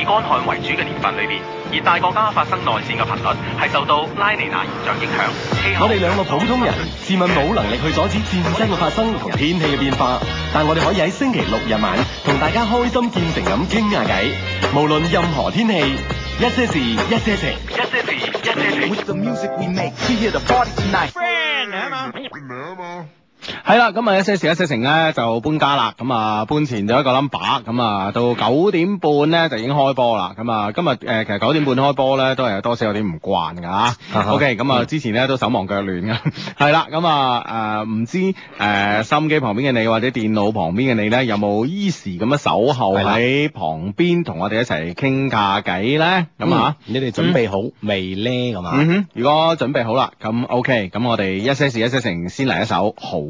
以乾旱為主嘅年份裏邊，而大國家發生內戰嘅頻率係受到拉尼娜現象影響。我哋兩個普通人，自問冇能力去阻止戰爭嘅發生同天氣嘅變化，但我哋可以喺星期六日晚同大家開心見誠咁傾下偈。無論任何天氣，一些事，一些情，一些事，一些情。係啦，咁啊 一些事一些情咧就搬家啦，咁、嗯、啊搬前就一個 number，咁啊到九點半咧就已經開波啦，咁、嗯、啊今日誒、呃、其實九點半開波咧都係多少有啲唔慣噶吓，OK，咁、嗯、啊、嗯、之前咧都手忙腳亂噶，係 啦，咁啊誒唔知誒收音機旁邊嘅你或者電腦旁邊嘅你咧有冇依時咁樣守候喺旁邊同我哋一齊傾下偈咧？咁啊你哋準備好未咧？咁啊，如果準備好啦，咁 OK，咁我哋一些事一些情先嚟一首好。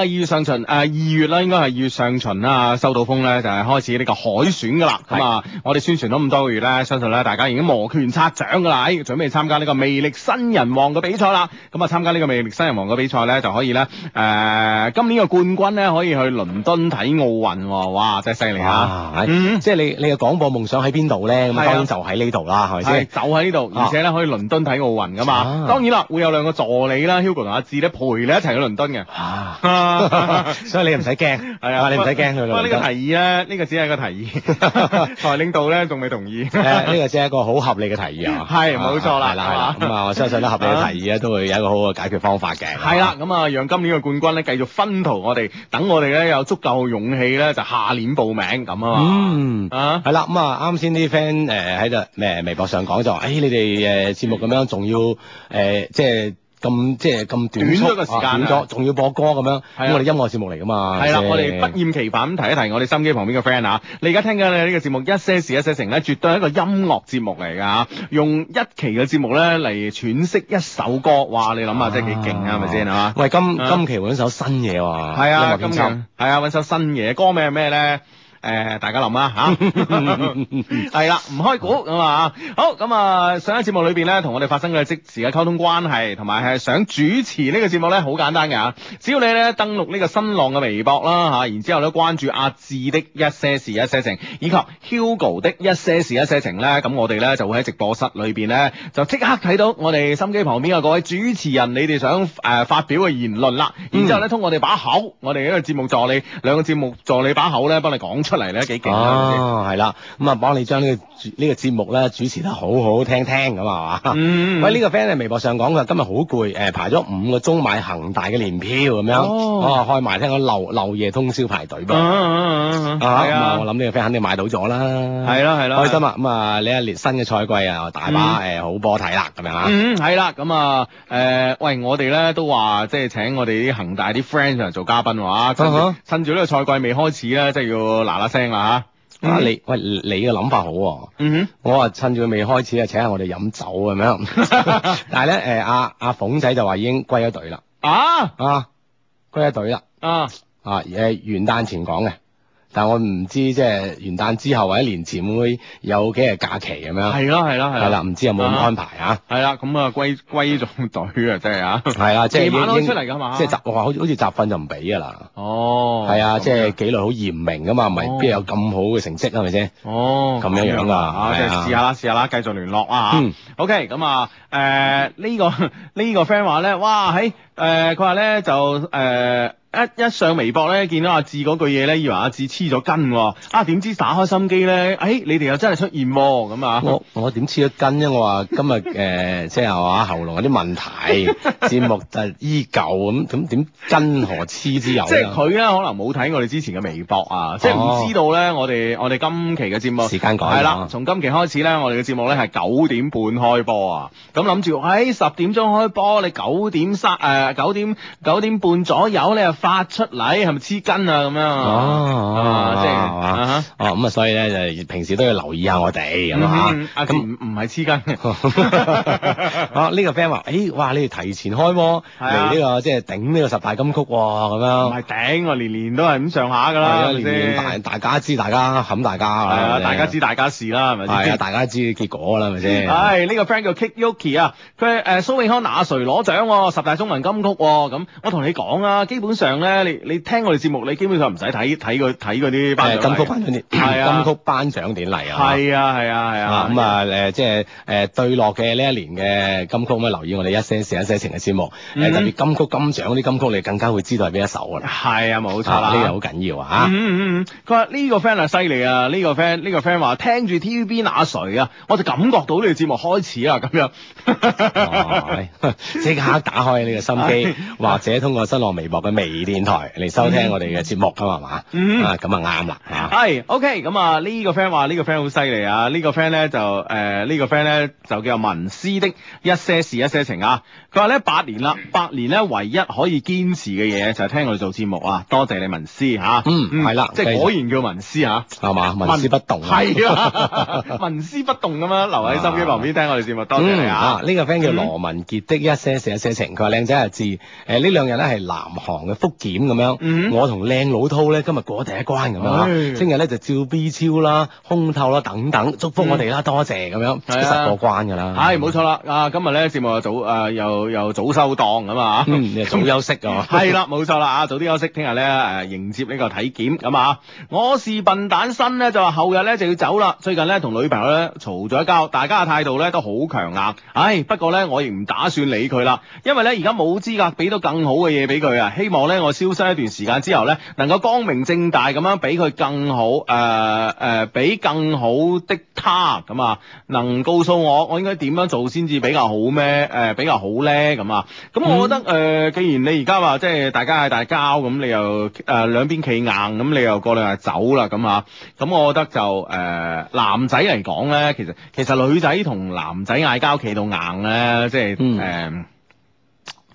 二月上旬，誒、呃、二月啦，應該係二月上旬啦，收到風咧就係、是、開始呢個海選㗎啦。咁是啊，我哋宣傳咗咁多個月咧，相信咧大家已經摩拳擦掌㗎啦、哎，準備參加呢個魅力新人王嘅比賽啦。咁、嗯、啊，參加呢個魅力新人王嘅比賽咧、嗯，就可以咧誒、呃，今年嘅冠軍咧可以去倫敦睇奧運。哇，真係犀利嚇！嗯、即係你你嘅廣播夢想喺邊度咧？咁當然就喺呢度啦，係咪先？就喺呢度，而且咧可以倫敦睇奧運㗎嘛。啊啊、當然啦，會有兩個助理啦，Hugo 同阿志咧陪你一齊去倫敦嘅。啊 所以你唔使驚，係 的啊，你唔使驚。呢、啊、個提議咧，呢、這個只係個提議，台 領導咧仲未同意。呢、 呃這個只係一個好合理嘅提議啊。係、 嗯，冇、啊、錯啦。係啦、啊，咁啊、嗯，我相信都合理嘅提議咧、啊，都會有一個好嘅解決方法嘅。係啦，咁啊，讓今年嘅冠軍咧繼續分途，我哋等我哋咧有足夠勇氣咧，就下年報名咁啊嘛。嗯啊，係啦、嗯，咁啊、 嗯，啱先啲 friend 誒喺度咩微博上講就話，誒、哎、你哋誒節目咁樣仲要誒、呃、即係。咁即係咁短促嘅時間，仲、啊、要播歌咁樣，咁、啊、我哋音樂節目嚟㗎嘛。係啦、啊，啊、我哋不厭其煩咁提一提我哋心機旁邊嘅 friend 啊。你而家聽緊咧呢個節目一些事一些情咧，絕對係一個音樂節目嚟㗎、啊、用一期嘅節目咧嚟詮釋一首歌，哇！你諗下真係幾勁啊，係咪先係嘛？喂，今、啊、今期揾首新嘢喎。係啊，今集係啊揾首新嘢，歌名係咩咧？誒、呃、大家諗啦嚇，係啦，唔開估。咁啊！ 好咁啊，上一節目裏邊咧，同我哋發生嘅即時嘅溝通關係，同埋係想主持呢個節目咧，好簡單嘅嚇、啊，只要你咧登錄呢個新浪嘅微博啦嚇、啊，然之後咧關注阿志的一些事一些情，以及 Hugo 的一些事一些情咧，咁我哋咧就會喺直播室裏邊咧，就即刻睇到我哋心機旁邊嘅各位主持人，你哋想誒、呃、發表嘅言論啦，然之後咧，通過我哋把口，我哋呢個節目助理，兩個節目助理把口咧幫你講出。嚟咧幾勁啊！係啦，咁啊幫你將呢個呢個節目咧主持得好好聽聽咁係嘛？喂，呢個 friend 喺微博上講佢今日好攰，誒排咗五個鐘買恒大嘅年票咁樣，哦，開埋聽個漏漏夜通宵排隊噃。嗯啊，我諗呢個 friend 肯定買到咗啦。係啦係啦，開心啊！咁啊呢一年新嘅賽季啊，大把誒好波睇啦咁樣嚇。嗯，係啦，咁啊誒，喂，我哋咧都話即係請我哋啲恒大啲 friend 上嚟做嘉賓喎嚇。趁住呢個賽季未開始咧，即係要嗱。聲啊，嚇、嗯，啊你喂你嘅諗法好喎、啊，嗯哼，我啊趁住佢未開始啊請下我哋飲酒咁樣。 但係咧誒，阿阿鳳仔就話已經歸咗隊啦，啊啊歸咗隊啦，啊啊誒，元旦前講嘅。但我唔知即係元旦之後或者年前會有幾日假期咁樣。係咯係咯係。係啦，唔知有冇咁安排啊？係啦，咁啊歸歸總隊啊，即係啊。係啊，即係已經出嚟噶嘛。即係集話好似好似集訓就唔俾噶啦。哦。係啊，即係紀律好嚴明噶嘛，唔係邊有咁好嘅成績係咪先？哦。咁樣樣㗎，啊即係試下啦試下啦，繼續聯絡啊。嗯。好嘅，咁啊誒呢個呢個 friend 話咧，哇喺誒佢話咧就誒。一一上微博咧，見到阿志嗰句嘢咧，以為阿志黐咗筋喎。啊，點知打開心機咧，誒、哎，你哋又真係出現喎。咁、 呃、啊，我我點黐咗筋啫？我話今日誒，即係話喉嚨有啲問題， 節目就依舊咁咁點真何黐之有呢？即係佢啊，可能冇睇我哋之前嘅微博啊，即係唔知道咧、哦，我哋我哋今期嘅節目時間改咗。係啦，從今期開始咧，我哋嘅節目咧係九點半開播啊。咁諗住喺十點鐘開播，你九點三誒九點九點,點,點,點,點,點,點半左右你發出嚟係咪黐筋啊咁樣？哦，即係嚇，哦咁啊，所以咧就平時都要留意下我哋咁啊，咁唔唔係黐筋。啊呢個 friend 話，誒哇你哋提前開播嚟呢個即係頂呢個十大金曲喎咁樣。唔係頂，我年年都係咁上下㗎啦，係咪大大家知大家冚大家大家知大家事啦，係咪先？係大家知結果啦，係咪先？係呢個 friend 叫 Kick Yuki 啊，佢誒蘇永康拿誰攞獎喎？十大中文金曲喎咁，我同你講啊，基本上。咧，你你聽我哋節目，你基本上唔使睇睇個睇嗰啲。金曲頒獎典，係啊！金曲頒獎典禮啊！係啊係啊係啊！咁啊誒、啊，即係誒、呃、對落嘅呢一年嘅金曲，咁樣留意我哋一些事一些情嘅節目。嗯、特別金曲金獎嗰啲金曲，你更加會知道係邊一首㗎啦。係啊，冇錯啦，呢、啊呢個好緊要啊！嚇、嗯嗯嗯嗯，佢話呢個 friend 係犀利啊！呢、啊呢個 friend 呢個 friend 話聽住 TVB 那誰啊，我就感覺到呢個節目開始啦咁樣。即、 哦哎、刻打開你嘅心機， 或者通過新浪微博嘅微博。電台嚟收聽我哋嘅節目噶嘛，係嘛？啊，咁啊啱啦。係、這、，OK、個。咁、這、啊、個這個、呢、呃這個 friend 話呢個 friend 好犀利啊，呢個 friend 咧就誒呢個 friend 咧就叫文思的一些事一些情啊。佢話咧八年啦，八年咧唯一可以堅持嘅嘢就係聽我哋做節目啊， 多謝你文思吓。啊、嗯，係啦，即係、嗯、的果然叫文思吓，係、啊、嘛？文思不動，係啊，文 思不動咁、啊、樣留喺收音機旁邊聽我哋節目，啊、多謝你啊。呢、嗯啊這個 friend 叫羅文傑的一些事一些情，佢話靚仔阿志，誒、呃、呢兩日咧係南韓嘅。復檢咁樣，我同靚老濤咧今日過第一關咁啊，聽日咧就照 B 超啦、胸透啦等等，祝福我哋啦，嗯、多謝咁樣，係啊的，實過關噶啦，係冇錯啦，啊今日咧節目又早誒、啊、又又早收檔咁啊，嗯、早休息係嘛，係 啦，冇錯啦，啊早啲休息，聽日咧誒迎接呢個體檢咁啊，我是笨蛋新咧就話後日咧就要走啦，最近咧同女朋友咧嘈咗一交，大家嘅態度咧都好強硬，唉、哎，不過咧我亦唔打算理佢啦，因為咧而家冇資格俾到更好嘅嘢俾佢啊，希望咧。我消失一段時間之後，呢能夠光明正大咁樣俾佢更好，誒、呃、誒，俾、呃、更好的他咁啊，能告訴我我應該點樣做先至比較好咩？誒、呃、比較好呢？咁啊？咁我覺得誒、呃，既然你而家話即係大家嗌大交咁，你又誒、呃、兩邊企硬，咁你又過兩日走啦咁啊，咁我覺得就誒、呃、男仔嚟講呢，其實其實女仔同男仔嗌交企到硬呢，即係誒。嗯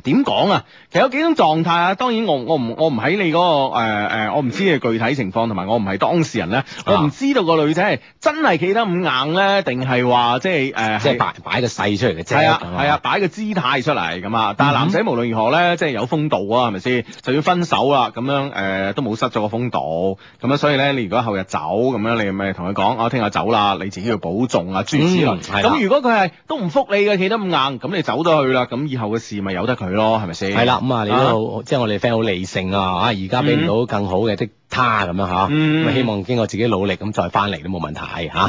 點講啊？其實有幾種狀態啊。當然我我唔我唔喺你嗰個誒誒，我唔、那個呃、知嘅具體情況，同埋我唔係當事人咧，吧我唔知道個女仔係真係企得咁硬咧，定係話即係誒、嗯，即係擺個勢出嚟嘅啫。係啊係啊，擺個姿態出嚟咁啊。但係男仔無論如何咧，即係有風度啊，係咪先？就要分手啦，咁樣誒、呃、都冇失咗個風度。咁樣所以咧，你如果後日走咁樣，你咪同佢講，我聽日走啦，你自己要保重啊，諸如此類。咁、嗯、如果佢係都唔復你嘅，企得咁硬，咁你走咗去啦，咁以後嘅事咪由得佢。係咪先？係啦，咁啊，你都即係我哋 friend 好理性啊嚇，而家俾唔到更好嘅的。他咁樣嚇，希望經過自己努力咁再翻嚟都冇問題嚇。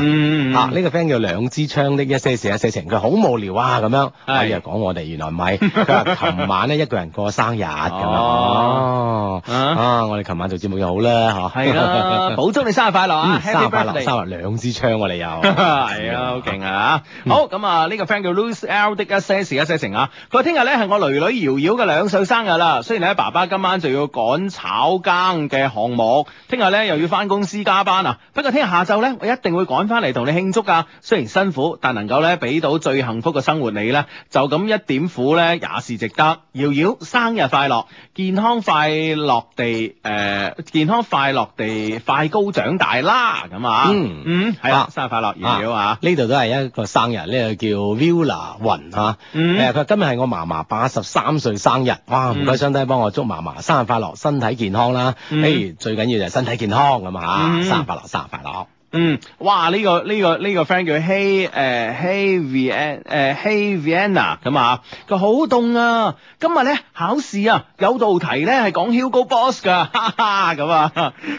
啊，呢個 friend 叫兩支槍的一些事一些情，佢好無聊啊咁樣。哎呀，講我哋原來唔係。佢話琴晚咧一個人過生日咁樣。哦。啊，我哋琴晚做節目又好啦嚇。係啦。補祝你生日快樂啊！Happy birthday！日兩支槍喎，你又。係啊，好勁啊。好咁啊，呢個 friend 叫 l o s L 的一些事一些情嚇。佢話聽日咧係我囡囡瑤瑤嘅兩歲生日啦。雖然咧爸爸今晚就要趕炒更嘅項目。聽日咧又要翻公司加班啊！不過聽日下晝咧，我一定會趕翻嚟同你慶祝啊。雖然辛苦，但能夠咧俾到最幸福嘅生活你咧，就咁一點苦咧也是值得。瑤瑤生日快樂，健康快樂地誒、呃，健康快樂地快高長大啦！咁啊，嗯嗯，係、嗯、啊，啊生日快樂，瑤瑤啊！呢度、啊啊、都係一個生日，呢個叫 Villa 雲啊。嗯，佢、啊、今日係我嫲嫲八十三歲生日，哇！唔該、嗯，相仔幫我祝嫲嫲生日快樂，身體健康啦。誒、嗯，最緊要就係身體健康，咁啊吓，生日快樂，生日快樂。嗯，哇！呢個呢個呢個 friend 叫 Hey，誒 Hey Vienna，誒 Hey Vienna 咁啊，佢好凍啊！今日咧考試啊，有道題咧係講 Hugo Boss 噶，哈哈咁啊！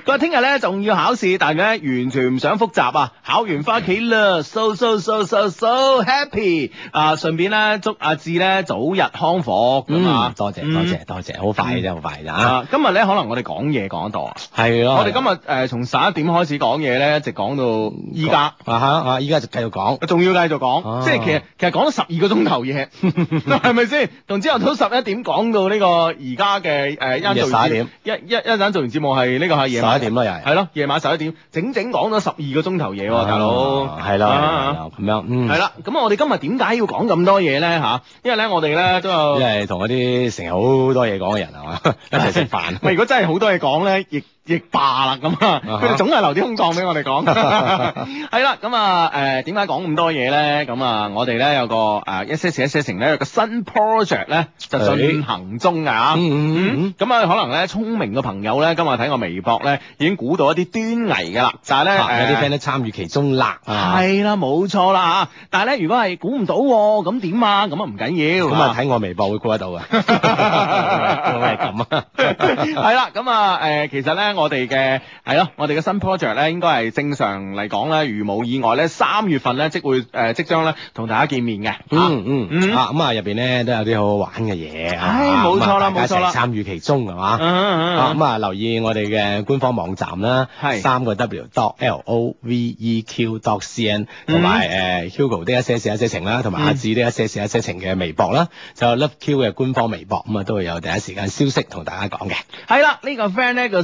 佢話聽日咧仲要考試，但係咧完全唔想復習啊，考完翻屋企啦，so so so so so happy 啊！順便咧祝阿志咧早日康復咁啊！多謝多謝多謝，好快啫好快咋吓，今日咧可能我哋講嘢講多，啊，係咯，我哋今日誒從十一點開始講嘢咧，直講。講到依家啊嚇啊！依家就繼續講，仲要繼續講，即係其實其實講咗十二個鐘頭嘢，係咪先？同朝早十一點講到呢個而家嘅誒，一陣做完節目係呢個係夜晚十一點咯，又係咯夜晚十一點，整整講咗十二個鐘頭嘢，大佬係啦，咁樣嗯係啦。咁我哋今日點解要講咁多嘢咧嚇？因為咧我哋咧都有，因為同嗰啲成日好多嘢講嘅人啊嘛，一齊食飯。唔如果真係好多嘢講咧，亦～亦霸啦咁啊！佢哋總係留啲空檔俾我哋講。係啦，咁啊誒點解講咁多嘢咧？咁啊，我哋咧有個誒一些事一些情咧有個新 project 咧就上線行中㗎啊！咁啊，可能咧聰明嘅朋友咧今日睇我微博咧已經估到一啲端倪㗎啦。但係咧有啲 friend 都參與其中啦。係啦，冇錯啦嚇！但係咧如果係估唔到咁點啊？咁啊唔緊要。咁啊睇我微博會估得到㗎。係咁啊！係啦，咁啊誒其實咧。我哋嘅係咯，我哋嘅新 project 咧，應該係正常嚟講咧，如無意外咧，三月份咧即會誒即將咧同大家見面嘅。嗯嗯、啊、嗯。吓咁啊，入邊咧都有啲好好玩嘅嘢。唉、哎，冇、啊、錯啦，冇大家 錯啦。參與其中係嘛？咁啊，留意我哋嘅官方網站啦，係三個 W dot L O V E Q dot C N 同埋誒 Hugo 的一些事一些情啦，同埋阿志的一些事一些情嘅微博啦，嗯、就 Love Q 嘅官方微博咁啊、嗯，都會有第一時間消息同大家講嘅。係啦，這個、呢個 friend 咧叫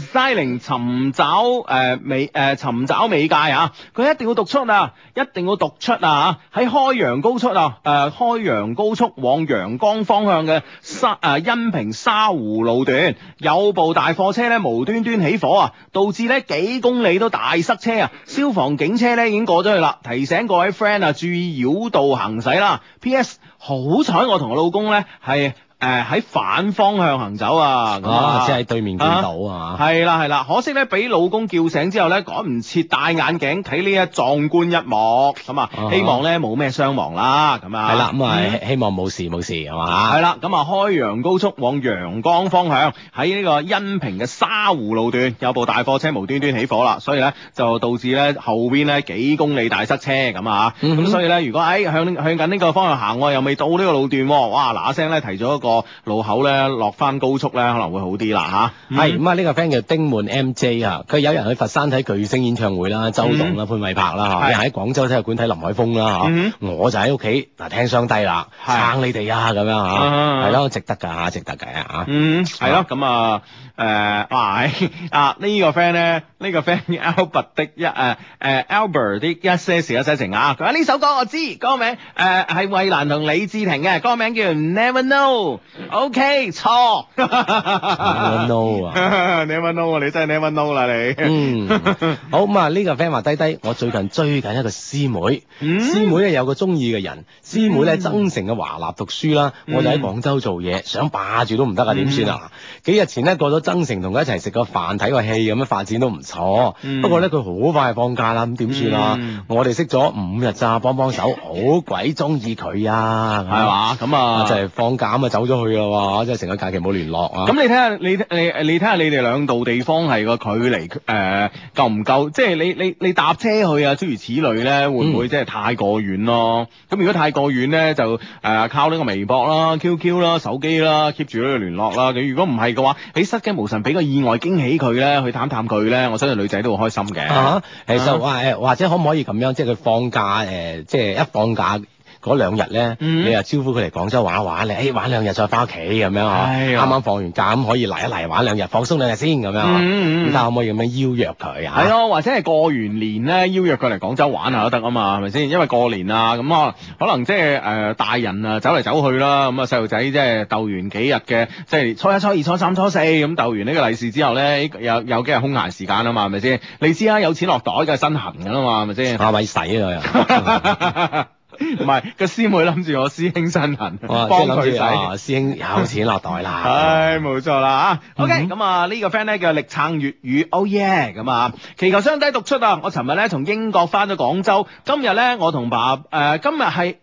尋找誒美誒尋找美界啊！佢一定要讀出啊，一定要讀出啊，喺開陽高速啊，誒、呃、開陽高速往陽江方向嘅沙誒恩、啊、平沙湖路段，有部大貨車咧無端端起火啊，導致咧幾公里都大塞車啊！消防警車咧已經過咗去啦，提醒各位 friend 啊注意繞道行駛啦。P.S. 好彩我同我老公咧係。誒，喺反方向行走啊！啊，即係對面見到啊，係啦，係啦，可惜咧俾老公叫醒之後咧趕唔切戴眼鏡睇呢一壯觀一幕，咁啊，希望咧冇咩傷亡啦，咁啊係啦，咁啊希望冇事冇事係嘛？係啦，咁啊開陽高速往陽江方向喺呢個恩平嘅沙湖路段有部大貨車無端端起火啦，所以咧就導致咧後邊咧幾公里大塞車咁啊吓，咁所以咧如果喺向向緊呢個方向行，我又未到呢個路段，哇嗱嗱聲咧提咗一個。個路口咧落翻高速咧可能會好啲啦吓。係咁啊，呢個 friend 叫丁滿 MJ 啊，佢有人去佛山睇巨星演唱會啦，周董啦潘瑋柏啦吓，喺廣州體育館睇林海峰啦吓，我就喺屋企嗱聽商台啦，撐你哋啊咁樣吓，係咯，值得噶吓，值得嘅啊吓，嗯係咯咁啊。誒，哇！啊呢個 friend 咧，呢個 friend Albert 的一誒誒 Albert 啲一些事一些情啊！佢話呢首歌我知，歌名誒係衛蘭同李志婷嘅，歌名叫 Never Know。OK，錯。Never Know 啊？Never Know，啊，你真係 Never Know 啦你。嗯，好咁啊，呢個 friend 話低低，我最近追緊一個師妹，師妹咧有個中意嘅人，師妹咧喺增城嘅華立讀書啦，我哋喺廣州做嘢，想霸住都唔得啊，點算啊？幾日前咧過咗。增城同佢一齊食個飯、睇個戲，咁樣發展都唔錯。不過咧佢好快放假啦，咁點算啊？我哋識咗五日咋，幫幫手，好鬼鍾意佢啊，係嘛？咁啊，就係放假咁啊走咗去啦喎，即係成個假期冇聯絡啊。咁你睇下你你你睇下你哋兩度地方係個距離誒夠唔夠？即係你你你搭車去啊諸如此類咧，會唔會即係太過遠咯？咁如果太過遠咧就誒靠呢個微博啦、QQ 啦、手機啦 keep 住呢個聯絡啦。你如果唔係嘅話，喺塞無神俾個意外驚喜佢咧，去探探佢咧，我相信女仔都好開心嘅。啊、uh，其實話誒，或者可唔可以咁樣？即係佢放假誒、呃，即係一放假。嗰兩日咧，嗯、你又招呼佢嚟廣州玩玩你誒、欸、玩兩日再翻屋企咁樣嗬，啱啱呦放完假咁可以嚟一嚟玩兩日，放鬆兩日先咁樣，咁睇可唔可以咁樣邀約佢啊？係咯、哦，或者係過完年咧邀約佢嚟廣州玩下都得啊嘛，係咪先？因為過年啊咁啊，可能即係誒、呃、大人啊走嚟走去啦，咁啊細路仔即係逗完幾日嘅，即係初一、初二、初三、初四咁逗完呢個利是之後咧，有有幾日空閒時間啊嘛，係咪先？你知啊，有錢落袋梗係身痕噶啦嘛，係咪先？阿偉使啊？又。 唔係個師妹諗住我師兄身痕幫，幫佢使。師兄有錢落袋、 哎、啦。唉 Okay,、嗯哼，冇錯啦嚇。OK，咁啊呢個 friend 咧叫力撐粵語。Oh yeah，咁啊祈求雙低讀出啊！我尋日咧從英國翻咗廣州，今日咧我同爸誒、呃、今日係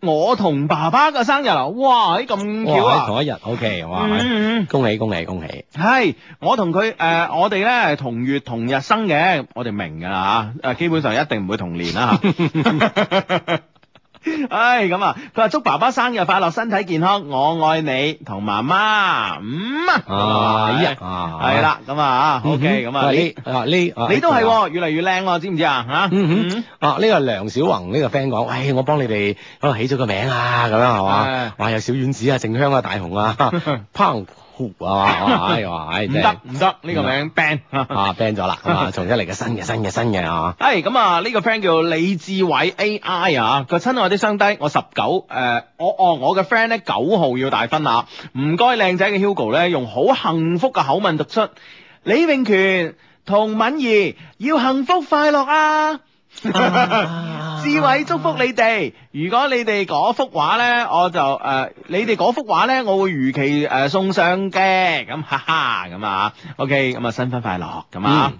我同爸爸嘅生日啊！哇，咦咁巧啊！同一日。OK，哇！恭喜恭喜恭喜！係我同佢誒，我哋咧、呃、同月同日生嘅，我哋明㗎啦嚇。誒基本上一定唔會同年啦、啊 唉，咁啊，佢話祝爸爸生日快樂，身體健康，我愛你，同媽媽，嗯啊，係啊，係啦，咁啊，OK，咁啊，你，你，你都係，越嚟越靚，知唔知啊？啊，呢個梁小宏，呢個 friend 講，唉，我幫你哋，可起咗個名啊，咁樣係嘛，哇，有小丸子啊，靜香啊，大雄啊，烹。唔得唔得，呢個名 ban 啊，ban 咗啦，啊，重新嚟個新嘅新嘅新嘅啊！係咁啊，呢個 friend 叫李志偉 AI 啊，個親愛啲聲低，我十九誒、呃，我、哦、我我嘅 friend 咧九號要大婚啊！唔該，靚仔嘅 Hugo 咧，用好幸福嘅口吻讀出：李永權同敏儀要幸福快樂啊！志偉祝福你哋，如果你哋嗰幅畫咧，我就誒，你哋嗰幅畫咧，我會如期誒送上嘅，咁哈哈，咁啊，OK，咁啊，新婚快樂，咁啊，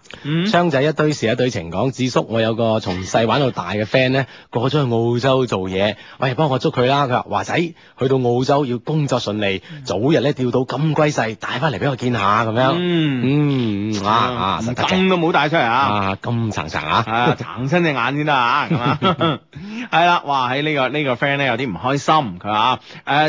昌仔一些事一些情講，志叔，我有個從細玩到大嘅 friend 咧，過咗去澳洲做嘢，喂，哋幫我祝佢啦，佢話華仔去到澳洲要工作順利，早日咧釣到金龜婿，帶翻嚟俾我見下，咁樣，嗯嗯啊啊，金都冇帶出嚟啊，金層層啊，層眼先啦嚇咁啊，係啦， 哇喺呢個呢、這個 friend 咧有啲唔開心，佢、呃、啊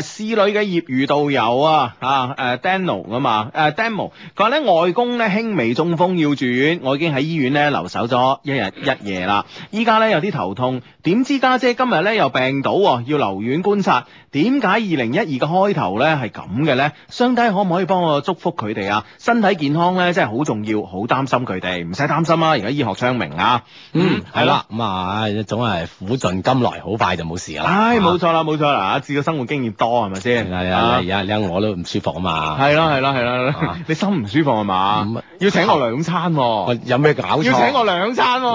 誒師女嘅業餘導遊啊啊誒 demo 啊嘛誒 demo，佢話咧外公咧輕微中風要住院，我已經喺醫院咧留守咗一日一夜啦，依家咧有啲頭痛，點知家姐，姐今日咧又病倒啊要留院觀察，點解二零一二嘅開頭咧係咁嘅咧？雙梯可唔可以幫我祝福佢哋啊？身體健康咧真係好重要，好擔心佢哋，唔使擔心啦、啊，而家醫學昌明啊，嗯係 咁啊！啊，總係苦盡甘來，好快就冇事啦。唉，冇錯啦，冇錯啦！阿志嘅生活經驗多，係咪先？係啊，你睇我都唔舒服啊嘛。係啦，係啦，係啦，你心唔舒服啊嘛？要請我兩餐。有咩搞？要請我兩餐。你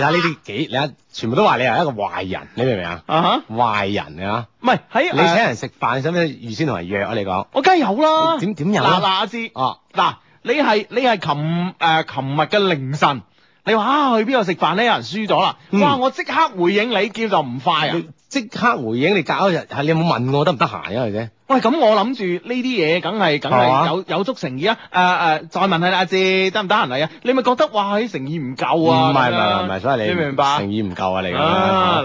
睇呢啲幾？你睇全部都話你係一個壞人，你明唔明啊？啊哈！壞人啊！唔係喺你請人食飯，使唔使預先同人約啊？你講我梗係有啦。點點有啊？嗱，阿志哦，嗱，你係你係琴誒琴日嘅凌晨。你話去邊度食飯咧？有人輸咗啦，哇！我即刻回應你，叫就唔快啊！即刻回應你隔一日，係你有冇問我得唔得閒呀？啫，喂，咁我諗住呢啲嘢，梗係梗係有有足誠意啊！誒誒，再問下阿志得唔得閒嚟啊？你咪覺得哇，啲誠意唔夠啊？唔係唔係唔係，所以你誠意唔夠啊？你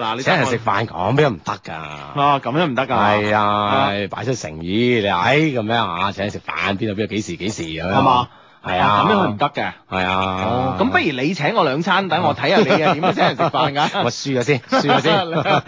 嗱，你請人食飯咁樣唔得噶，啊咁樣唔得噶，係啊，擺出誠意，你話唉咁樣啊，請你食飯邊度邊度幾時幾時咁樣。係啊，咁樣佢唔得嘅，係啊。咁不如你請我兩餐，等我睇下你啊點樣請人食飯㗎？我輸咗先，輸咗先，唔好急啊！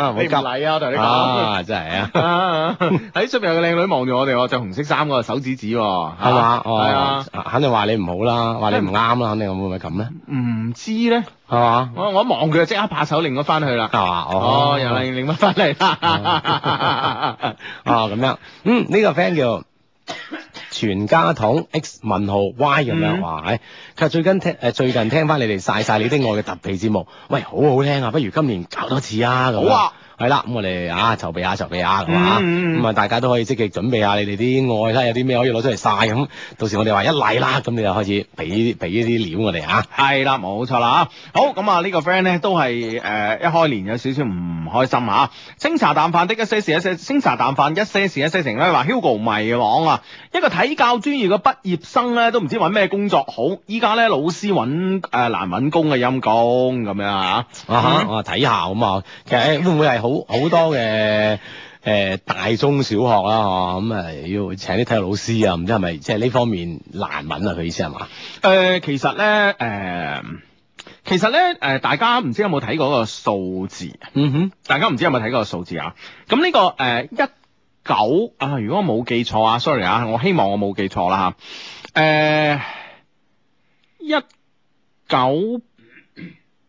我同你講真係啊。喺出邊有個靚女望住我哋，著紅色衫喎，手指指喎，係嘛？係啊，肯定話你唔好啦，話你唔啱啦，肯定會唔會咁咧？唔知咧，係嘛？我我一望佢即刻把手擰咗翻去啦，係嘛？哦，又嚟擰翻翻嚟啦，哦咁樣，嗯，呢個 friend 叫。全家桶 X 問號 Y 咁樣、mm，話、hmm。係，其、呃、實最近聽誒最近聽翻你哋曬曬你的愛嘅特備節目，喂好好聽啊，不如今年搞多次啊咁。好啊。係啦，咁我哋啊，籌備下，籌備下，係嘛？咁啊，大家都可以積極準備下，你哋啲愛啦，有啲咩可以攞出嚟晒咁。到時我哋話一禮啦，咁你就開始俾啲俾啲料我哋啊。係、嗯、啦，冇錯啦，好，咁啊，呢個 friend 咧都係誒、呃，一開年有少少唔開心啊。清茶淡飯的一些事一些，清茶淡飯一些事一些情咧，話 Hugo 迷惘啊，一個體教專業嘅畢業生咧，都唔知揾咩工作好。依家咧老師揾誒、呃、難揾工嘅陰功。咁樣啊。嗯、啊，我睇下咁啊，其實會唔會係好？好好多嘅，誒、呃、大中小學啦，吓咁啊、嗯、要請啲體育老師啊，唔知係咪即係呢方面難揾啊？佢意思係嘛？誒、呃，其實咧，誒、呃，其實咧，誒、呃，大家唔知有冇睇過個數字？嗯哼，大家唔知有冇睇過個數字啊？咁呢、這個誒一九啊，如果我冇記錯啊，sorry 啊，我希望我冇記錯啦吓，誒、啊、一九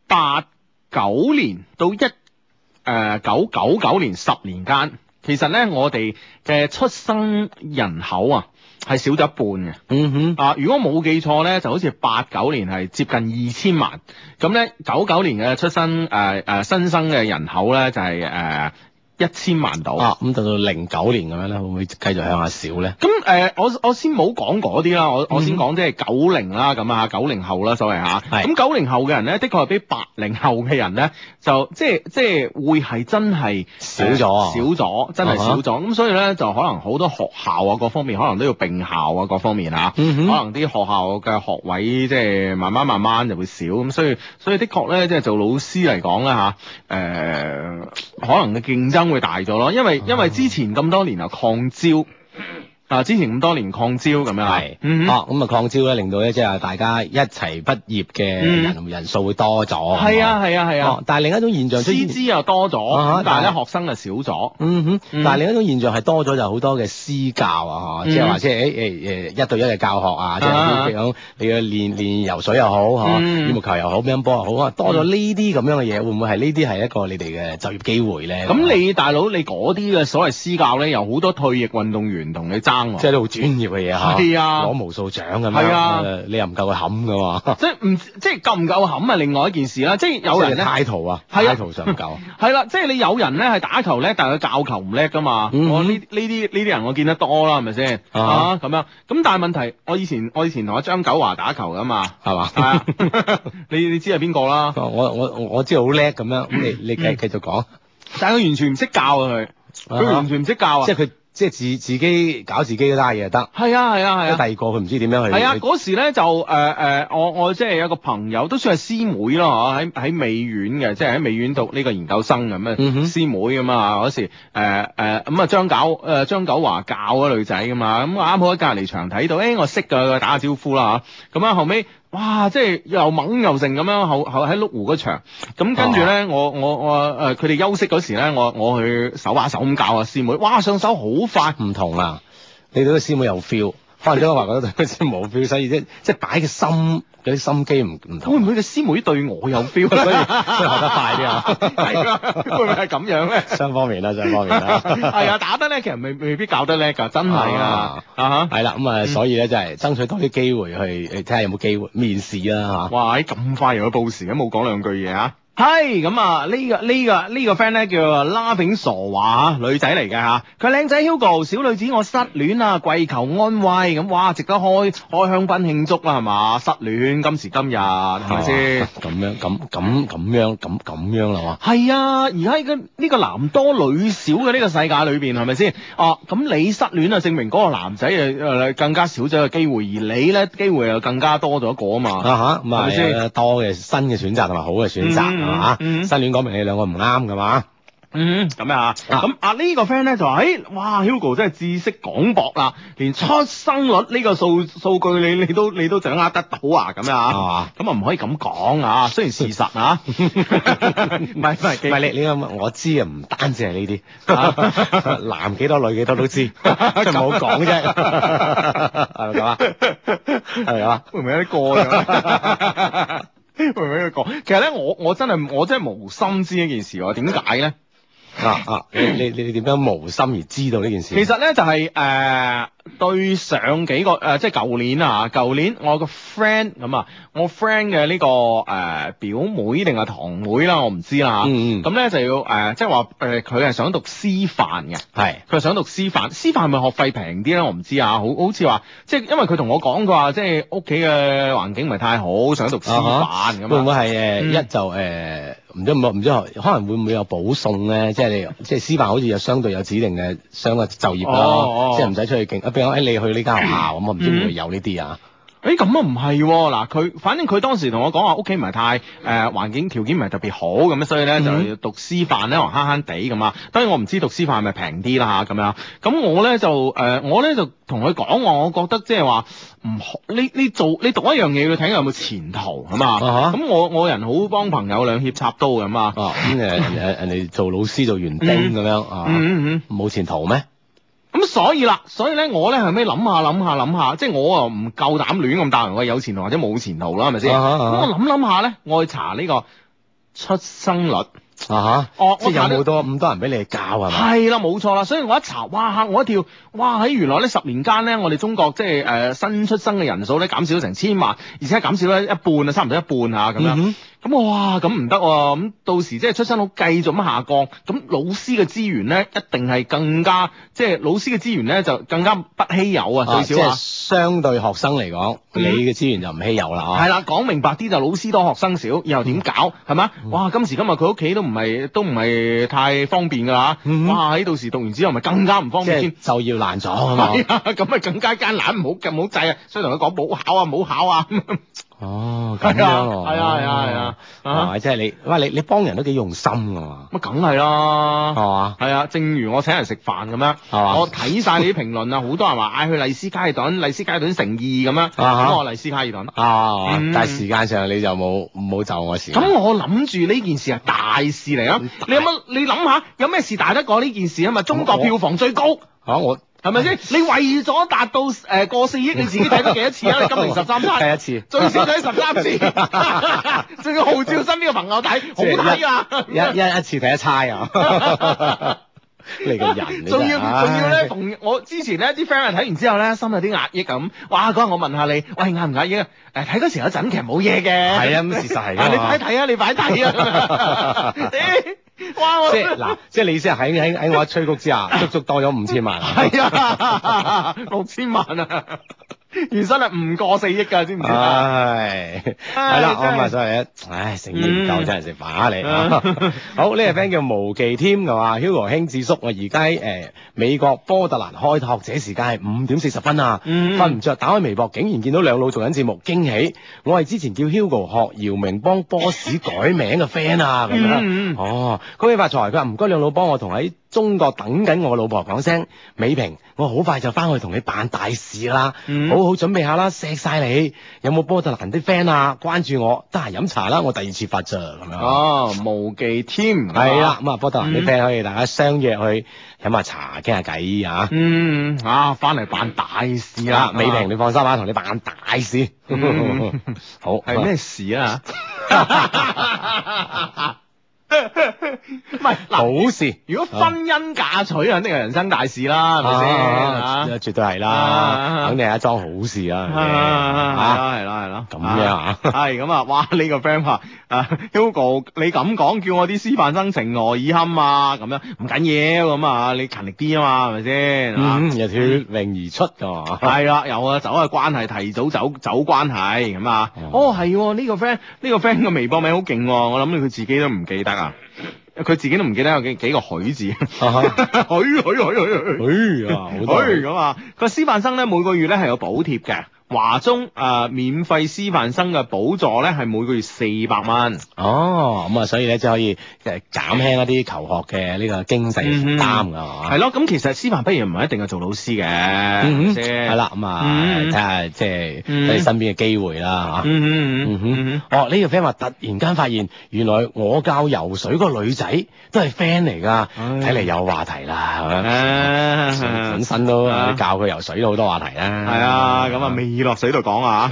八九年到一誒，九九九年十年間，其實咧我哋嘅出生人口啊係少咗一半嘅。嗯哼、mm，hmm. 啊，如果冇記錯咧，就好似八九年係接近二千萬，咁咧九九年嘅出生誒誒、呃呃、新生嘅人口咧就係、是、誒。呃一千萬度啊！咁、嗯、到到零九年咁樣咧，會唔會繼續向下少咧？咁誒、呃，我我先冇講嗰啲啦，我、嗯、哼我先講即係九零啦，咁啊，九零後啦，所謂嚇。咁九零後嘅人咧，的確係比八零後嘅人咧，就即係即係會係真係少咗、啊，少咗，真係少咗。咁、uh huh. 所以咧，就可能好多學校啊，各方面可能都要並校啊，各方面嚇，啊嗯、哼可能啲學校嘅學位即係、就是、慢慢慢慢就會少。咁所以，所以，所以，所以的確咧，即係做老師嚟講咧嚇，誒、呃、可能嘅競爭。會大咗咯，因為 因為之前咁多年啊，擴招。嗱，之前咁多年擴招咁樣，係，哦，咁啊擴招咧，令到咧即係大家一齊畢業嘅人數會多咗。係啊，係啊，係啊。但係另一種現象，師資又多咗，但係咧學生又少咗。嗯哼，但係另一種現象係多咗就好多嘅私教啊，即係話即係誒誒誒一對一嘅教學啊，即係咁樣你嘅練練游水又好，呵，羽毛球又好，乒乓波又好，多咗呢啲咁樣嘅嘢，會唔會係呢啲係一個你哋嘅就業機會咧？咁你大佬，你嗰啲嘅所謂私教咧，有好多退役運動員同你即係你好專業嘅嘢嚇，攞無數獎咁樣，你又唔夠佢冚噶嘛？即係唔即係夠唔夠冚係另外一件事啦。即係有人 title 啊，title 上唔夠。係啦，即係你有人咧係打球叻，但係佢教球唔叻噶嘛？我呢呢啲呢啲人我見得多啦，係咪先？啊咁樣。咁但係問題，我以前我以前同阿張九華打球噶嘛，係嘛？係啊，你你知係邊個啦？我我我知好叻咁樣。咁你你繼繼續講。但係佢完全唔識教啊！佢佢完全唔識教啊！即係佢。即係自自己搞自己嗰拉嘢，得。係啊係啊係啊。啊啊第二個佢唔知點樣去。係啊，嗰他時咧就誒誒、呃，我我即係有個朋友，都算係師妹咯，喺喺美院嘅，即係喺美院讀呢個研究生咁樣、嗯、哼師妹咁，啊嗰時誒咁啊張九誒、呃、張九華教嗰女仔噶嘛，咁、嗯、我啱好喺隔離牆睇到，誒、哎、我識㗎，打招呼啦咁，啊後尾。哇！即係又猛又成咁樣，後後喺麓湖嗰場，咁、嗯、跟住咧、哦，我我我誒，佢、呃、哋休息嗰時咧，我我去手把手咁教啊師妹，哇！上手好快，唔同啦、啊，你對個師妹又 feel。反正話覺得冇 feel 所以啫，即係擺嘅心嗰啲心機唔唔同。會唔會個師妹對我有 feel、啊，所以 學得快啲啊？ 會唔會係咁樣咧、啊 啊？雙方面啦、啊，雙方面啦。係啊，打得咧其實未未必教得叻㗎，真係㗎、啊啊。啊哈，係啦，咁、嗯、啊，嗯、所以咧就係爭取多啲機會去誒睇下有冇機會面試啦、啊、嚇。哇！咁快入去報時，咁冇講兩句嘢啊？係咁啊！呢、這個呢、這個呢、這個 friend 咧叫拉炳傻話女仔嚟嘅吓。佢靚仔 Hugo，小女子我失戀啊，跪求安慰。咁、嗯、哇，值得開開香檳慶祝啦，係嘛？失戀今時今日係咪先？咁樣咁咁咁樣咁咁樣啦嘛。係啊！而家呢個男多女少嘅呢個世界裏邊，係咪先？哦，咁你失戀啊，證明嗰個男仔誒更加少咗個機會，而你咧機會又更加多咗一個啊嘛。啊咁咪多嘅新嘅選擇同埋好嘅選擇。啊，失戀講明你兩個唔啱㗎嘛，嗯，咁啊，咁啊呢個 friend 咧就話，哎，哇，Hugo 真係知識廣博啦，連出生率呢個數數據你你都你都掌握得到啊，咁啊，咁啊唔可以咁講啊，雖然事實啊，唔係唔係你你咁，我知啊，唔單止係呢啲，男幾多女幾多都知，就好講啫，係咪？係啊，會唔會有啲過啊？ 明唔明佢講？其實咧，我我真係我真係無心知呢件事，點解咧？啊啊！你你你你點樣無心而知道呢件事呢？其實咧就係、是、誒、呃，對上幾個誒、呃，即係舊年啊，舊年我個 friend 咁啊，我 friend 嘅呢、這個誒、呃、表妹定係堂妹啦，我唔知啦吓。咁咧、嗯、就要誒、呃，即係話誒，佢、呃、係想讀師範嘅，係佢是想讀師範，師範係咪學費平啲咧？我唔知啊，好好似話即係，因為佢同我講過，佢話即係屋企嘅環境唔係太好，想讀師範咁啊哈。會唔會係誒、嗯、一就誒？呃嗯嗯唔知唔知道可能會唔會有保送呢？即係你即係師範，好似有相對有指定嘅相關就業咯，哦哦哦哦即係唔使出去競。比如講，誒、哎、你去呢間學校我、嗯、啊，唔知會唔會有呢啲啊？誒，咁啊唔係，嗱佢、哦，反正佢當時同我講話屋企唔係太誒環、呃、境條件唔係特別好咁，所以咧、嗯、就要讀師範咧可能慳慳地咁啊。當然我唔知讀師範係咪平啲啦吓咁樣。咁我咧就誒，我咧就同佢講話，我覺得即係話唔好，你你做你讀一樣嘢，你睇下有冇前途係嘛？咁、啊啊哈嗯、我我人好幫朋友兩脅插刀咁啊。咁誒誒，人哋 做老師做園丁咁樣啊，冇前途咩？咁、嗯、所以啦，所以咧，我咧後尾諗下諗下諗下，即係我啊唔夠膽亂咁話我有前途或者冇前途啦，係咪先？咁、uh huh, uh huh. 嗯、我諗諗下咧，我去查呢個出生率啊吓，即有冇多咁多人俾你教係咪？係啦，冇錯啦，所以我一查，哇嚇我一跳，哇喺原來呢十年間咧，我哋中國即係誒、呃、新出生嘅人數咧減少咗成千萬，而且減少咗一半啊，差唔多一半吓咁樣。Mm hmm. 咁哇，咁唔得喎！咁到時即係出生率繼續咁下降，咁老師嘅資源咧一定係更加即係老師嘅資源咧就更加不稀有啊！最少啊，即係相對學生嚟講，嗯、你嘅資源就唔稀有啦，啊！吓係啦，講明白啲就老師多學生少，以後點搞係嘛？哇！今時今日佢屋企都唔係都唔係太方便噶吓，啊，嗯、哇！喺到時讀完之後咪更加唔方便，就要難咗啊嘛！咁啊嗎更加艱難，唔好勁唔好制啊！所以同佢講冇考啊冇考啊！ 哦，係啊，係啊，係啊，係啊，啊，即係你，哇，你你幫人都幾用心㗎嘛？乜梗係啦，係嘛？係啊，正如我請人食飯咁樣，係嘛？我睇晒你啲評論啊，好多人話嗌去麗斯卡爾頓，麗斯卡爾頓誠意咁樣，咁我嚟麗斯卡爾頓。啊，但係時間上你就冇冇就我事。咁我諗住呢件事係大事嚟啊！你有乜？你諗下有咩事大得過呢件事啊？嘛，中國票房最高。嚇我。係咪先？ 你為咗達到誒、呃、過四億， 你自己睇咗幾多次啊？你今年十三餐睇一次， 最少睇十三次，仲要號召身邊嘅朋友睇，好睇啊 一一！一一次一次睇一餐啊！ 你個人你要，仲、啊、要仲要咧？同我之前咧啲 friend 睇完之後咧，心有啲壓抑咁。哇！嗰日我問下你，喂、哎、壓唔壓抑？誒睇嗰時有陣其實冇嘢嘅。係啊咁事實係你快睇啊！你快睇啊！ 哇即係嗱， 啦即係你意思係喺喺喺我催谷之下，足足多咗五千萬，係 啊， 六千萬啊！原身係唔過四億噶，知唔知啊？係，係啦，我咪所以咧，唉，食麵唔夠真係食飯啊！你，好呢個 friend 叫無忌添，嘅話，Hugo 兄智叔，我而家喺誒美國波特蘭開拓者，時間係五點四十分啊，瞓唔着，打開微博竟然見到兩老做緊節目，驚喜！我係之前叫 Hugo 學姚明幫波士改名嘅 friend 啊，咁樣，哦，恭喜發財！佢話唔該，兩老幫我同喺。中國等緊我老婆講聲，美平，我好快就翻去同你辦大事啦，好好準備下啦，錫晒你，有冇波特蘭啲 friend 啊？關注我，得閒飲茶啦，我第二次發咋咁樣？哦，無忌添，係啦，咁啊，波特蘭啲 friend 可以大家相約去飲下茶，傾下偈啊。嗯，啊，翻嚟辦大事啦，美平你放心啦，同你辦大事，好，係咩事啊？唔係，嗱，好事。如果婚姻嫁娶肯定係人生大事啦，係咪先？啊，絕對係啦，肯定係一樁好事啦。係啦，係啦，係啦。咁樣嚇？係咁啊！哇，呢個 friend 嚇，啊，Hugo，你咁講叫我啲師範生情何以堪啊？咁樣唔緊要咁啊，你勤力啲啊嘛，係咪先？又，脫穎而出㗎嘛。係啦，有啊，走啊關係，提早走走關係咁啊。哦，係喎，呢個 friend 呢個 friend 個微博名好勁喎，我諗佢自己都唔記得。啊！佢自己都唔記得有幾幾個許字，許許許許許啊！ 許咁 啊！個師範生咧每個月咧係有補貼嘅。華中啊，免費師範生嘅補助咧，係每個月四百蚊。哦，咁啊，所以咧，即係可以誒減輕一啲求學嘅呢個經濟負擔噶，係嘛？係咯，咁其實師範畢業唔係一定係做老師嘅，係咪先？係啦，咁啊，睇下即係你身邊嘅機會啦，吓。哦，呢個 friend 話突然間發現，原來我教游水個女仔都係 friend 嚟噶，睇嚟有話題啦，本身都教佢游水都好多話題啦。係啊，咁啊未。跌落水度講啊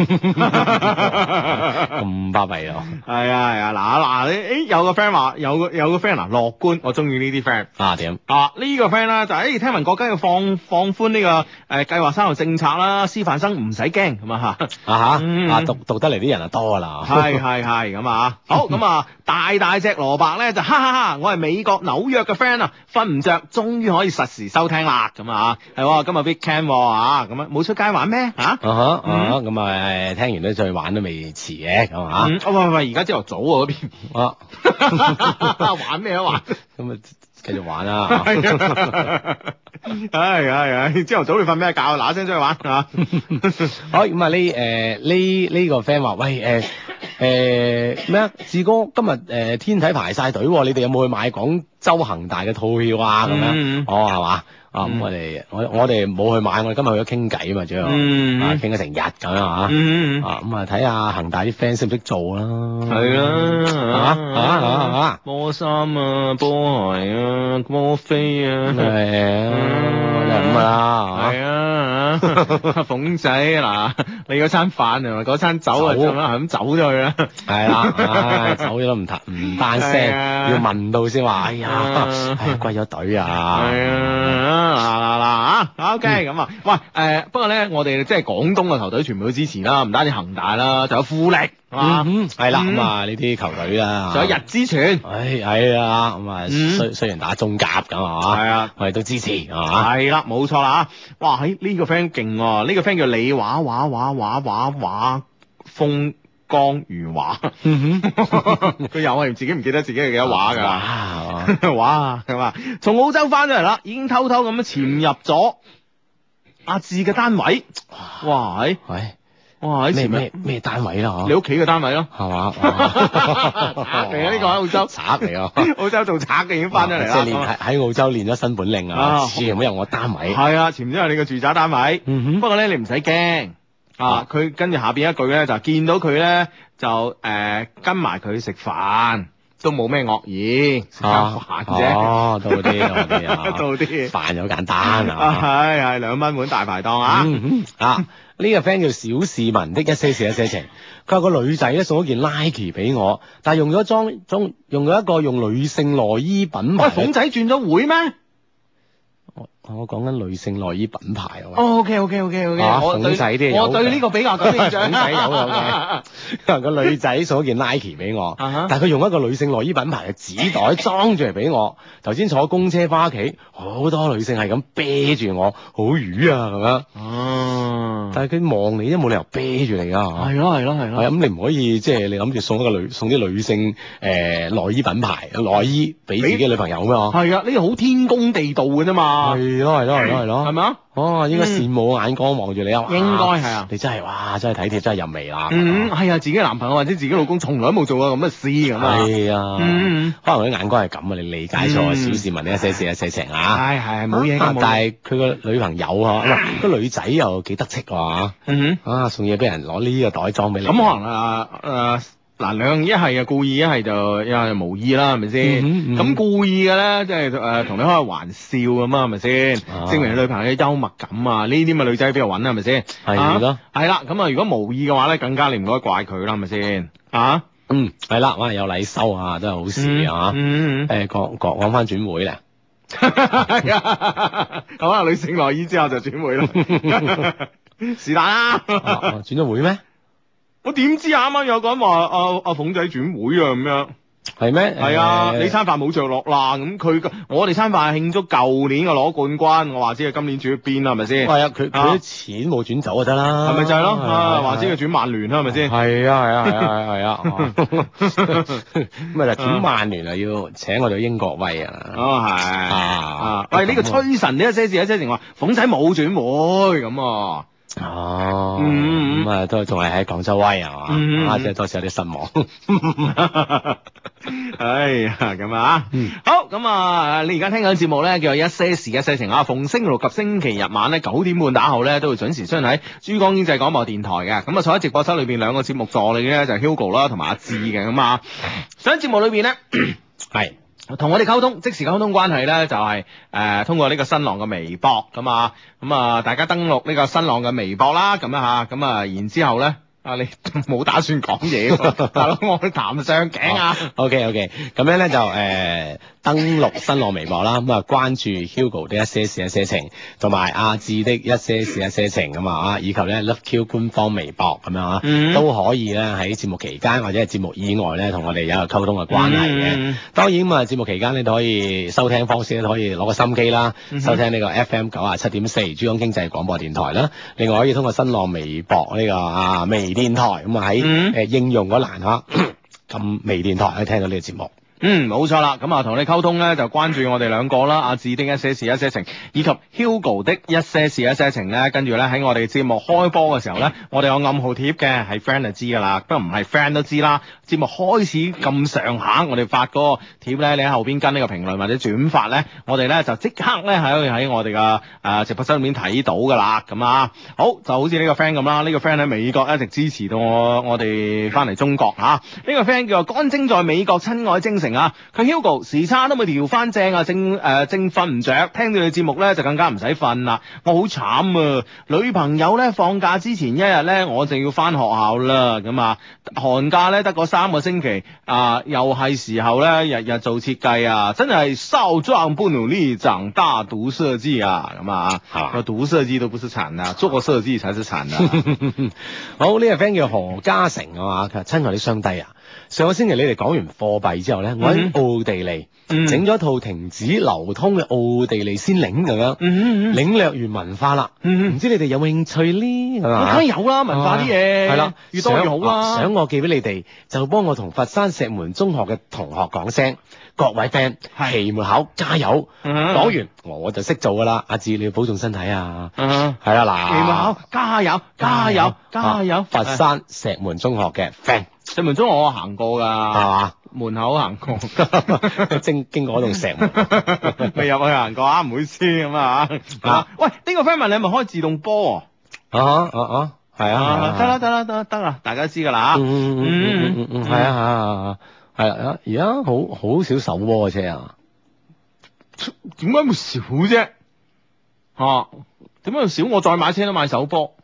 咁巴閉咯，係啊係啊嗱嗱，你誒有個 friend 話有個有個 friend 啊樂觀，我中意呢啲 friend 啊，點啊呢、這個 friend 咧就誒聽聞國家要放放寬呢、這個誒計劃生育政策啦，師範生唔使驚咁啊吓哈、嗯、啊吓啊讀讀得嚟啲人就多 啊多啦，係係係，咁啊好咁啊大大隻蘿蔔咧就哈哈哈我係美國紐約嘅 friend 啊瞓唔着，終於可以實時收聽啦，咁啊係今日 Big Cam 啊咁啊冇出街玩咩啊？啊啊啊嗯、啊，咁啊，聽完都再玩都未遲嘅，咁、嗯哦、啊，唔係唔係，而家朝頭早啊嗰邊， 玩啊，玩咩啊玩？咁啊，繼續玩啊！哎呀呀，朝頭早你瞓咩覺？嗱聲出去玩啊！ 好，咁啊，呢誒呢呢個 friend 話，喂誒誒咩啊？志哥今日誒、呃、天體排晒隊、呃，你哋有冇去買廣州恒大嘅套票啊？咁樣、嗯哦、樣，哦係嘛？哦嗯哦哦啊！咁我哋我我哋冇去買，我哋今日去咗傾偈啊嘛，主要啊傾咗成日咁樣吓，咁啊睇下恒大啲 fans 識唔識做啦，係啊，吓吓波衫啊，波鞋啊，波飛啊，係啊，咁啊，係啊吓，鳳仔嗱，你嗰餐飯啊，嗰餐酒啊，咁走咗去啊？係啦，唉，走咗都唔彈唔單聲，要問到先話，哎呀，哎呀，貴咗隊啊，係啊。啦啦啦嚇，OK 咁啊、嗯！喂、呃、誒，不過咧，我哋即係廣東嘅球隊全部都支持啦，唔單止恒大啦，仲有富力，係啦咁啊，呢啲、嗯、球隊啊，仲有日之泉，誒係啊咁啊，雖雖然打中甲咁啊，係啊，我哋都支持嚇，係啦，冇錯啦嚇，哇喺呢個 friend 勁喎，呢、呢個 friend 叫李畫畫畫畫畫畫風。江如畫，佢又係自己唔記得自己係幾多畫噶。哇，係嘛？從澳洲翻咗嚟啦，已經偷偷咁樣潛入咗阿志嘅單位。喂，喂，喺，哇喺咩咩單位啦？你屋企嘅單位咯，係嘛？嚟咗呢個喺澳洲，賊嚟啊，澳洲做賊嘅已經翻咗嚟啦。即係喺澳洲練咗新本領啊！阿志有冇入我單位，係啊，潛入你嘅住宅單位。不過咧你唔使驚。啊！佢跟住下邊一句咧就是，見到佢咧就誒、呃、跟埋佢食飯，都冇咩惡意食間飯啫。哦，到啲，到啲，飯又好簡單啊！係係兩蚊碗大排檔啊！啊！呢個 friend 叫小市民的一些事一些情，佢有個女仔咧送咗件 Nike 俾我，但係用咗裝裝用咗一個用女性內衣品牌喂、啊，粉仔轉咗會咩？我講緊女性內衣品牌喎。哦，O K O K O K O K，女仔啲我對呢個比較感興趣有有嘅，個女仔送一件 Nike 俾我，但係佢用一個女性內衣品牌嘅紙袋裝住嚟俾我。頭先坐公車翻屋企，好多女性係咁啤住我，好瘀啊，係咪啊？但係佢望你都冇理由啤住你㗎。係咯係咯係咯。係咁你唔可以，即係你諗住送一個女送啲女性誒內衣品牌內衣俾自己女朋友㗎嘛？係啊，呢個好天公地道㗎啫嘛。咯係咯係咯係咯，係咪啊？哦，應該羨慕眼光望住你啊！應該係啊！你真係哇，真係體貼真係入微啦。嗯，係啊，自己男朋友或者自己老公從來冇做過咁嘅事咁啊。係啊，可能佢眼光係咁啊，你理解錯啊，小市民，你一寫寫寫成啊。係係冇嘢㗎。但係佢個女朋友啊，嗰女仔又幾得戚啊嗯哼，啊送嘢俾人攞呢個袋裝俾你。咁可能啊啊。嗱，兩一係就故意，一係就一係無意啦，係咪先？咁故意嘅咧，即係誒，同你開下玩笑咁啊，係咪先？證明你女朋友幽默感啊，呢啲咪女仔喺邊度揾啊，係咪先？係咯、啊，係、啊、啦，咁啊，如果無意嘅話咧，更加你唔可以怪佢啦，係咪先？啊，嗯，係啦，可能有禮收啊，真係好事啊，吓，誒，講講講翻轉會咧，講下女性內衣之後就轉會咯，是但啦，轉咗會咩？我點知啊？啱啱有講話阿阿鳳仔轉會啊，咁樣係咩？係啊，你餐飯冇着落啦。咁佢我哋餐飯慶祝舊年嘅攞冠軍，我話知佢今年轉咗邊啦，係咪先？係啊，佢佢啲錢冇轉走就得啦。係咪就係咯？啊，話知佢轉曼聯啦，係咪先？係啊，係啊，係啊，係啊。咁啊，轉曼聯啊，要請我哋英國威啊。哦，係啊啊！喂，呢個吹神，呢，一些事，一些情話鳳仔冇轉會咁啊。哦，咁啊都仲係喺廣州威啊嘛，阿姐、嗯啊、多時有啲失望。 哎呀，咁啊，嗯、好咁啊，你而家聽緊嘅節目咧，叫做一些事一些情啊，逢星期六及星期日晚咧九點半打後咧，都會準時出現喺珠江經濟廣播電台嘅。咁啊，坐喺直播室裏邊兩個節目助理嘅咧就係、Hugo 啦，同埋阿志嘅咁啊。上一節目裏邊咧，係。 同我哋溝通，即時溝通關係呢，就係、是、誒、呃，通過呢個新浪嘅微博咁啊，咁啊，大家登錄呢個新浪嘅微博啦，咁樣吓、啊，咁啊，然之後呢，阿、啊、你冇打算講嘢，大佬我去談上頸啊。O K O K，咁樣呢，就誒。呃登錄新浪微博啦，咁啊，關注 Hugo 的一些事一些情，同埋阿志的一些事一些情咁啊，以及咧 LoveQ 官方微博咁樣啊，都可以咧喺節目期間或者係節目以外咧同我哋有個溝通嘅關係嘅。嗯、當然咁啊，節目期間咧都可以收聽方式咧，可以攞個收音機啦，收聽呢個 FM 九啊七點四珠江經濟廣播電台啦。另外可以通過新浪微博呢、呢個啊微電台咁啊喺誒應用嗰欄啊咁微電台可以聽到呢個節目。嗯，冇錯啦，咁啊，同你溝通咧就關注我哋兩個啦，阿志的一些事一些情以及 Hugo 的一些事一些情咧，跟住咧喺我哋節目開波嘅時候咧，我哋有暗號貼嘅，係 friend 就知噶啦，不過唔係 friend 都知啦。節目開始咁上下，我哋發個貼咧，你喺後邊跟呢個評論或者轉發咧，我哋咧就即刻咧喺喺我哋嘅誒直播室裏面睇到噶啦，咁啊，好，就好似呢個 friend 咁啦，呢個 friend 喺美國一直支持到我我哋翻嚟中國吓，啊呢個 friend 叫做乾蒸，在美國親愛精神。啊！佢 Hugo 時差都冇調翻正啊，正誒、呃、正瞓唔着，聽到你節目咧就更加唔使瞓啦。我好慘啊！女朋友咧放假之前一日咧，我就要翻學校啦。咁啊，寒假咧得個三個星期啊、呃，又係時候咧日日做設計啊！真係少壯不努力，長大讀設計啊！咁啊，讀、啊、設計都不是慘啊，做個設計才是慘啊！ 好呢、這個 friend 叫何家成啊嘛，佢話親愛啲雙帝啊！上個星期你哋講完貨幣之後呢，我喺奧地利整咗套停止流通嘅奧地利先令咁樣，領略完文化啦，唔知你哋有冇興趣呢？係梗有啦，文化啲嘢係啦，越多越好啦。想我寄俾你哋，就幫我同佛山石門中學嘅同學講聲，各位 friend 期末考加油！講完我我就識做噶啦。阿志你要保重身體啊！係啦嗱，期末考加油！加油！加油！佛山石門中學嘅 friend。十分鐘我行過噶，係嘛、啊、門口行過，經經過嗰棟石，未入去行過啊，唔好意思咁 啊吓。喂，呢個 friend 問你係咪開自動波啊，啊？啊啊，係啊，得、 啊、啦得啦得啦，大家知噶啦吓、嗯。嗯嗯嗯嗯嗯，係啊係啊係啊，係啦、嗯，而家好好少手波嘅車啊？點解會少啫？啊？點解少？我再買車都買手波。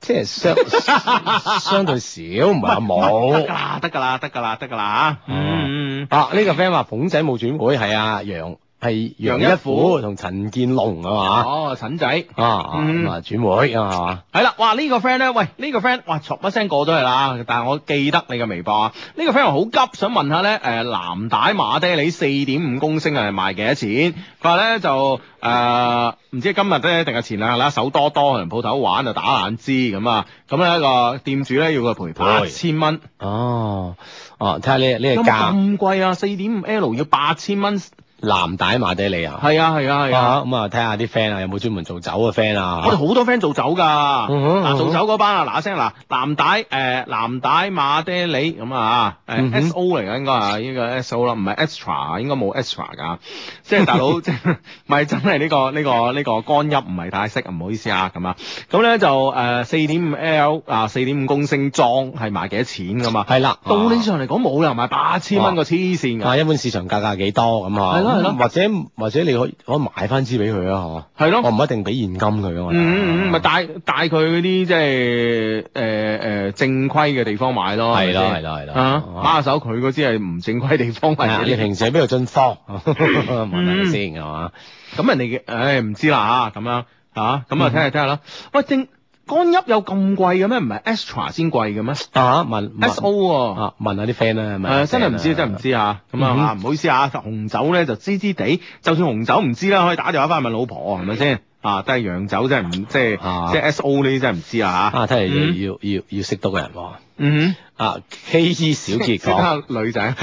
即係相相對少，唔係話冇。得噶啦，得噶啦，得噶啦，得㗎啦嚇。嗯。啊，呢個 friend 話：「鳳仔冇轉會，係啊，楊。」係楊一虎同陳建龍啊嘛，哦陳仔啊咁啊，轉會、嗯、啊嘛係啦。哇呢、這個 friend 咧，喂、這、呢個 friend 哇，嘈一聲過咗去啦。但係我記得你嘅微博啊，呢、這個 friend 好急，想問下咧誒、呃，藍帶馬爹利四點五公升係賣幾多錢？佢話咧就誒，唔、呃、知今日咧定係前兩日啦，手多多去人鋪頭玩就打爛支咁啊，咁咧個店主咧要佢賠八千蚊哦哦，睇、哦、下你，你個咁貴啊，四點五 L 要八千蚊。藍帶馬爹利啊，係啊，係啊，係啊，咁啊睇下啲 friend 啊、嗯、看看 fan, 有冇專門做酒嘅 friend 啊？我哋好多 friend 做酒噶，嗱、嗯哼啊、做酒嗰班啊嗱一聲嗱藍帶誒藍、呃、帶馬爹利咁啊誒 S.O 嚟噶，應該啊呢個 S.O 啦，唔係 extra 啊，欸嗯、哼應該冇 extra 噶，即係、SO, 就是、大佬即係咪真係呢、這個呢、這個呢、這個干邑，唔係太識唔好意思啊，咁啊咁咧就誒四點五 L 啊四點五公升裝係賣幾多錢噶嘛？係啦，啊、道理上嚟講冇人賣八千蚊個黐線噶、啊啊啊，一般市場價格幾多咁啊？ 或者或者你可以可以買翻支俾佢啊，吓？係咯，我唔一定俾現金佢啊嘛。嗯嗯咪帶帶佢嗰啲即係誒誒正規嘅地、呃、地方買咯。係啦係啦係啦，啊，下手佢嗰支係唔正規地方買嘅、啊。你平時喺邊度進貨？問下 先，係嘛？咁、 嗯、人哋嘅，唉、欸，唔知啦吓，咁樣吓，咁啊，啊嗯嗯、就聽下聽下啦。喂、啊，正。干邑有咁貴嘅咩？唔係 extra 先貴嘅咩？啊問,問 XO 啊問下啲 friend 咧係咪？係真係唔知，真係唔知,知啊。咁啊唔、啊、好意思啊，紅酒咧就知知地，就算紅酒唔知啦，可以打電話翻去問老婆係咪先？啊,吧啊，但係洋酒真係唔即係即係 XO 呢啲真係唔知啊嚇。啊，睇嚟、啊 SO 啊啊、要、啊、要要,要,要識到個人喎。嗯，啊、mm hmm. uh,，K E 小杰講、uh, 女仔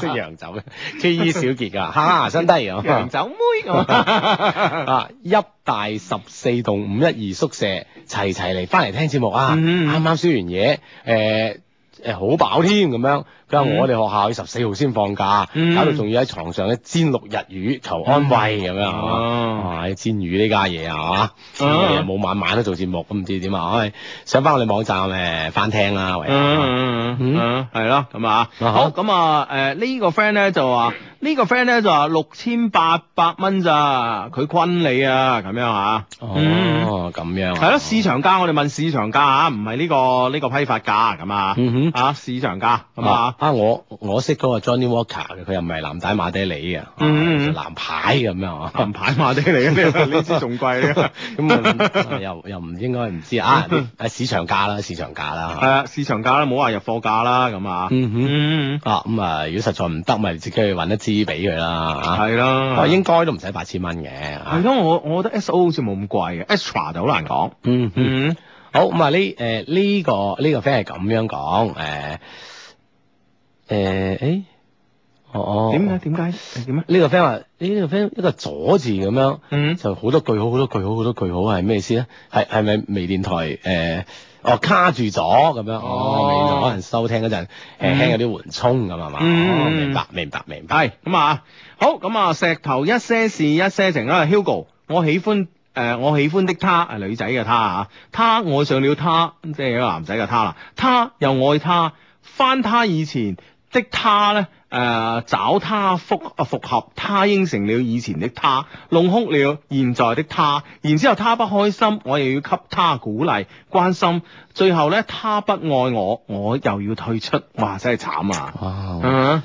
識洋酒咩？K E 小杰噶，哈、uh,，哈，真低洋酒妹，啊，一大十四棟五一二宿舍齊齊嚟翻嚟聽節目啊，啱啱輸完嘢，誒、uh,。誒，好飽添咁樣。佢話、嗯、我哋學校十四號先放假，嗯、搞到仲要喺床上咧煎六日魚求安慰咁樣、嗯啊，煎魚呢家嘢係嘛？冇、啊、晚、嗯、晚都做節目，咁唔知點啊？上翻我哋網站誒，翻聽啦，喂，咁、嗯嗯、啊，係咯，咁啊，哈、uh, 這個、啊，好咁啊，誒呢個 friend 咧就話，呢個 friend 咧就話六千八百蚊咋，佢昆你啊，咁樣啊。哦，咁樣啊，係咯，市場價，我哋問市場價嚇，唔係呢個呢個批發價咁啊，嚇市場價咁啊，啊我我識嗰個 Johnny Walker 嘅，佢又唔係藍帶馬爹利嘅，嗯嗯，藍牌咁樣啊，藍牌馬爹利呢支仲貴啊，咁又又唔應該唔知啊，市場價啦，市場價啦，係啊，市場價啦，冇好話入貨價啦，咁啊，哼，啊咁啊，如果實在唔得，咪自己去揾一支俾佢啦，嚇，係啦，應該都唔使八千蚊嘅，係因我我覺得 S.O. 好似冇咁貴嘅話就好難講。嗯嗯，好咁啊！呢誒呢個呢個 friend 係咁樣講，誒誒誒，哦點解點解點咧？呢個 friend 話呢個 friend 一個左字咁樣，嗯就好多句號，好多句號，好多句號係咩意思咧？係係咪微電台誒？哦卡住咗咁樣，哦微電台可能收聽嗰陣誒輕有啲緩衝咁係嘛？明白明白明白。係咁啊！好咁啊！石頭一些事一些情啦，Hugo，我喜歡。誒、呃，我喜歡的她係女仔嘅她吓，他愛上了她，即係一個男仔嘅他啦。他又愛他，翻他以前的他咧，誒、呃、找他復復合，他應承了以前的他，弄哭了現在的他。然之後他不開心，我又要給他鼓勵關心。最後呢，他不愛我，我又要退出，哇！真係慘啊！啊！Wow.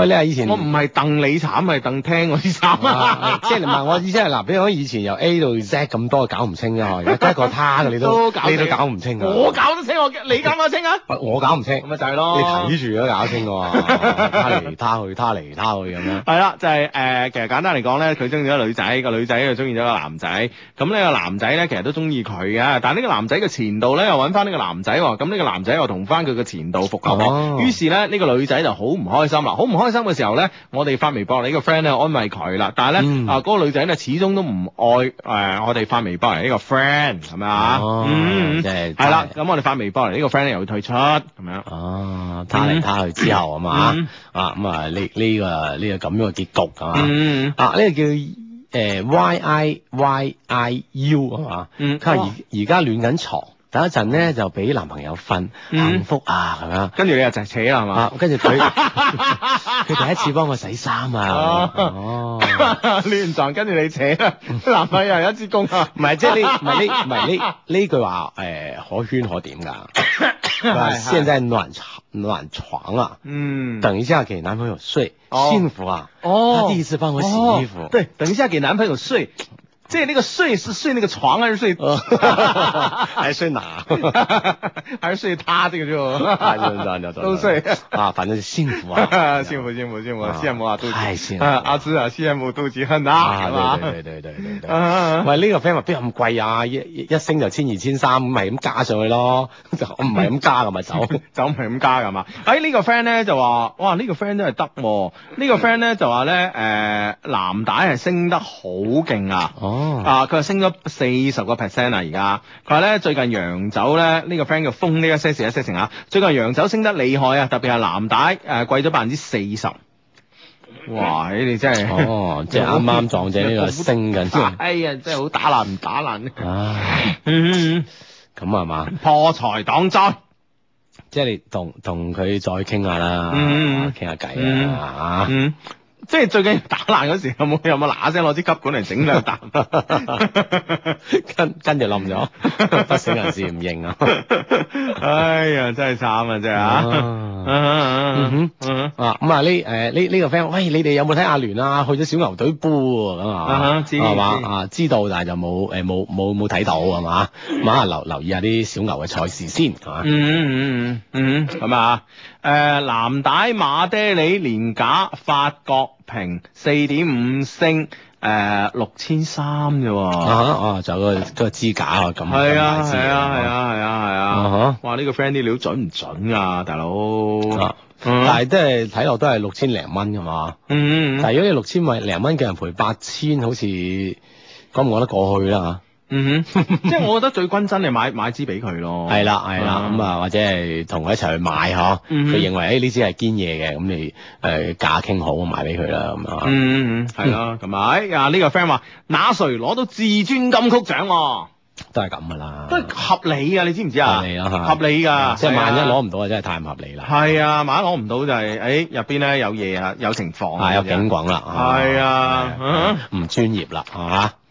喂你啊！以前我唔係戥你慘，係戥聽我慘啊！即係你問我，意思係嗱，比如講以前由 A 到 Z 咁多，搞唔清啊！得係個他嘅，你都你 都搞唔得 清啊！我搞得清，我你搞唔清啊、欸！我搞唔清咁咪、嗯、就係咯，你睇住咯，搞清㗎嘛！他嚟他去，他嚟他去咁 樣。係啦，就係、是、誒、呃，其實簡單嚟講咧，佢中意咗女仔，個女仔又中意咗個男仔。咁呢個男仔咧，其實都中意佢嘅，但呢個男仔嘅前度咧又揾翻呢個男仔。咁呢個男仔又同翻佢嘅前度復合。啊、於是咧，呢、呢個女仔就好唔開心啦，好、呃、唔開心。生嘅時候咧，我哋發微博嚟呢個 friend 咧安慰佢啦。但係咧、嗯、啊，嗰、那個女仔咧始終都唔愛誒、呃，我哋發微博嚟呢個 friend 係咪啊？哦，即係係啦。咁、嗯、我哋發微博嚟呢個 friend 咧又退出咁樣啊，他嚟他去之後係嘛啊咁啊呢呢個呢個咁樣嘅結局係嘛啊呢個叫誒 y i y i u 係嘛？佢話而而家暖緊床。等一陣咧就俾男朋友瞓，幸福啊咁樣、嗯，跟住你又就扯啦係嘛，跟住佢佢第一次幫我洗衫啊，哦，亂撞 跟住你扯啦，男朋友有一支公，唔係即係呢唔係呢唔係呢呢句話誒、呃、可圈可點噶， 現在暖床暖床啊，嗯，等一下給男朋友睡，哦、幸福啊，哦、他第一次幫我洗衣服、哦哦，對，等一下給男朋友睡。即在那個睡是睡那個床還是睡？哈， 還睡哪男？哈， 還是睡他？這個就都 睡， 睡 啊，反正就幸福啊，幸福幸福幸福，羨慕啊，幸啊太幸福阿志啊，羨慕妒忌恨啊，係、啊、嘛、啊啊啊？對對對對對對，唔呢、 這個 friend 話邊咁貴啊？一一升就千二千三咁，咪咁加上去咯， 啊、加就唔係咁加噶嘛，走走唔係咁加噶嘛？喺、哎這個、呢個 friend 咧就話，哇、這個啊這個、呢個 friend 真係得，呢個 friend 咧就話咧，誒、呃、藍帶係升得好勁啊。 啊哦、啊！佢話升咗四十個 percent 啊！而家佢話咧，最近洋酒咧呢、呢個 friend 叫封呢一些事一些情啊！最近洋酒升得厲害啊，特別係藍帶誒、呃、貴咗百分之四十。哇！你哋真係哦， 即係啱啱撞正呢、嗯、個升緊，真哎呀！真係好打爛唔打爛。唉、 啊，咁係嘛？嗯、是是破財擋災，即係你同同佢再傾下啦，傾下偈啦嚇。嗯嗯嗯嗯即係最近打爛嗰時候有冇有冇嗱嗰聲攞支吸管嚟整兩啖，跟跟住冧咗，不死人士唔認、 哎、啊！哎呀，真係慘啊！真係啊，啊咁啊呢誒呢呢個 friend，喂你哋有冇睇阿聯啊？去咗小牛隊煲咁啊？啊知係嘛啊？Uh、huh, 知道，是是、uh, 知道，但係就冇誒冇冇冇睇到係嘛？咁啊留留意下啲小牛嘅賽事先嚇。嗯嗯嗯嗯咁啊。誒、呃，藍帶馬爹利連假法國平四點五星誒，六千三啫，啊、uh huh, uh, uh, 就、那個、那個支架啊咁，係啊係啊係啊係啊，哇，呢、這個 friend 啲料準唔準啊，大佬，uh huh. 但係都係睇落都係六千零蚊噶嘛，嗯嗯，但係如果你六千萬零蚊嘅人賠八千，好似講唔講得過去啦吓？ 嗯哼，即係我覺得最均真你買買支俾佢咯。係啦、 嗯，係、嗯、啦，咁、嗯、啊，或者係同佢一齊去買呵。佢認為誒呢支係堅嘢嘅，咁你誒價傾好，買俾佢啦咁啊。嗯嗯嗯，係咯，係咪？啊，呢個 friend 話，哪誰攞到至尊金曲獎、啊？都係咁噶啦，都係合理啊，你知唔知啊？合理啊，嗯、合理噶。即係萬一攞唔到，真係太唔合理啦。係啊，萬一攞唔到就係誒入邊咧有嘢啊，有情況啊，有警廣啦。係啊，唔、啊啊啊、專業啦嚇。啊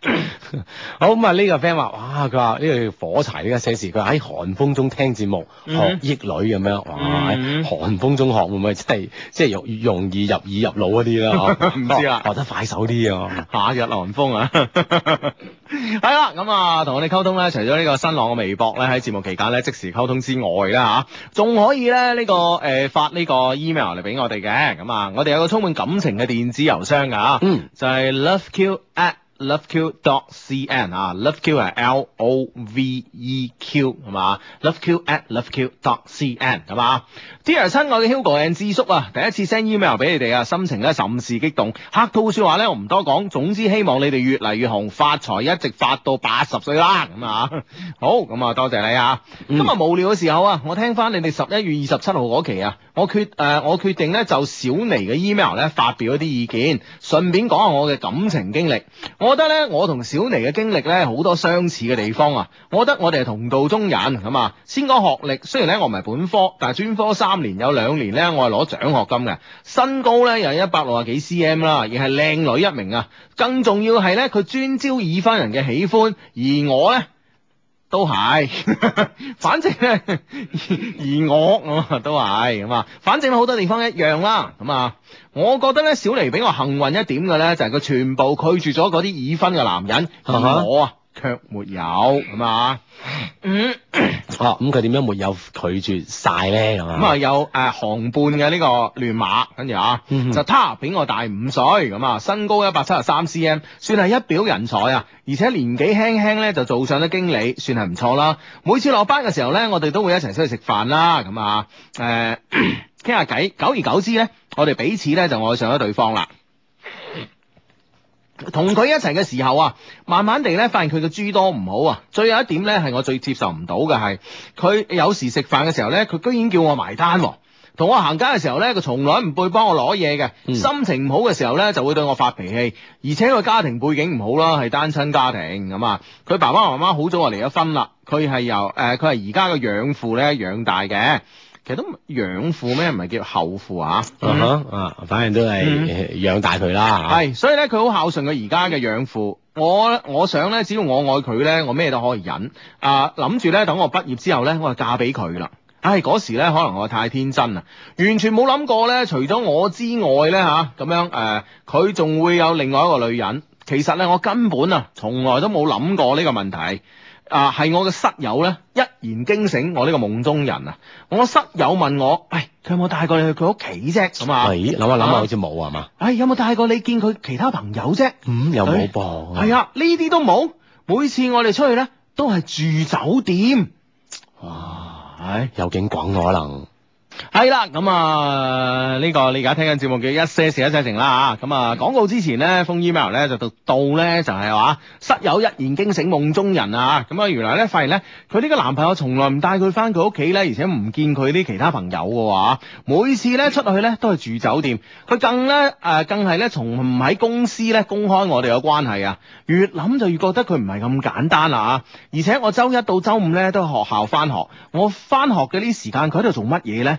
好咁啊！呢、這個 friend 話，哇！佢話呢個火柴呢家寫事，佢喺寒風中聽節目學憶女咁樣，哇！寒、mm hmm. 風中學會唔會真係即係越容易入耳入腦嗰啲啦。唔、啊、 知啊，學得快手啲啊，夏 日寒風啊。係 啦，咁啊，同我哋溝通咧，除咗呢個新浪嘅微博咧，喺節目期間咧即時溝通之外咧，吓、啊、仲可以咧呢、這個誒、呃、發呢個 email 嚟俾我哋嘅咁啊。我哋有個充滿感情嘅電子郵箱噶，嗯、啊， 就係 love q at。LoveQ.dot.cn 啊，LoveQ 係 L-O-V-E-Q l o v e q, love q. at LoveQ.dot.cn 係嘛，Dear 親愛嘅 Hugo and 智叔啊，第一次 send email 俾你哋啊，心情咧甚是激動，客套說話咧我唔多講，總之希望你哋越嚟越紅，發財一直發到八十歲啦咁啊， 好咁啊、嗯、多謝你啊，嗯、今日無聊嘅時候啊，我聽翻你哋十一月二十七號嗰期啊，我決誒我決定咧就小尼嘅 email 咧發表一啲意見，順便講下我嘅感情經歷，我覺得咧，我同小妮嘅經歷咧，好多相似嘅地方啊。我覺得我哋係同道中人咁啊。先講學歷，雖然咧我唔係本科，但係專科三年有兩年咧，我係攞獎學金嘅。身高咧又係一百六啊幾 cm 啦，而係靚女一名啊。更重要係咧，佢專招已婚人嘅喜歡，而我咧。都係， 反正咧，而我咁啊都係咁啊，反正好多地方一樣啦，咁啊，我覺得咧小黎比我幸運一點嘅咧，就係、是、佢全部拒絕咗啲已婚嘅男人同埋 我啊。卻沒有咁啊，嗯，哦，咁佢點樣沒有拒絕晒呢？咁啊，有誒，航伴嘅呢個亂馬，跟住啊， 就他比我大五歲，咁啊，身高一百七十三 cm，算係一表人才啊！而且年紀輕輕咧就做上咗經理，算係唔錯啦。每次落班嘅時候呢，我哋都會一齊出去食飯啦，咁啊，誒、呃，傾下偈，久而久之呢，我哋彼此呢，就愛上咗對方啦。同佢一齊嘅時候啊，慢慢地咧發現佢嘅諸多唔好啊。最有一點咧係我最接受唔到嘅係，佢有時食飯嘅時候咧，佢居然叫我埋單。同我行街嘅時候咧，佢從來唔會幫我攞嘢嘅。心情唔好嘅時候咧，就會對我發脾氣。而且佢家庭背景唔好啦，係單親家庭咁啊。佢爸爸媽媽好早就離咗婚啦。佢係由誒，佢係而家嘅養父咧養大嘅。其實都唔係養父咩，唔係叫後父啊？啊、uh，huh, 嗯、反正都係養大佢啦。係、嗯，所以咧佢好孝順佢而家嘅養父。我我想咧，只要我愛佢咧，我咩都可以忍。啊、呃，諗住咧等我畢業之後咧，我就嫁俾佢啦。唉，嗰時咧可能我太天真啦，完全冇諗過咧，除咗我之外咧吓咁樣誒，佢、呃、仲會有另外一個女人。其實咧我根本啊從來都冇諗過呢個問題。啊，係、uh, 我嘅室友咧，一言驚醒我呢個夢中人啊！我室友問我：喂、哎，佢有冇帶過你去佢屋企啫？咁啊，諗下諗下好似冇啊嘛。唉、哎，有冇帶過你見佢其他朋友啫？嗯，又冇噃。係啊，呢啲、哎啊、都冇。每次我哋出去咧，都係住酒店。哇，哎、有景講可能。係啦，咁啊呢、這個你而家聽緊節目嘅，一些事一些情啦啊！咁啊廣告之前呢， 封 email 呢，就到到呢就係話室友一言驚醒夢中人啊！咁啊原來呢，發現呢，佢呢個男朋友從來唔帶佢翻佢屋企呢，而且唔見佢啲其他朋友嘅、啊、話，每次呢出去呢，都係住酒店。佢更呢，誒、呃、更係呢，從唔喺公司呢公開我哋嘅關係啊！越諗就越覺得佢唔係咁簡單啊！而且我周一到周五呢，都喺學校翻學，我翻學嘅呢時間佢喺度做乜嘢呢？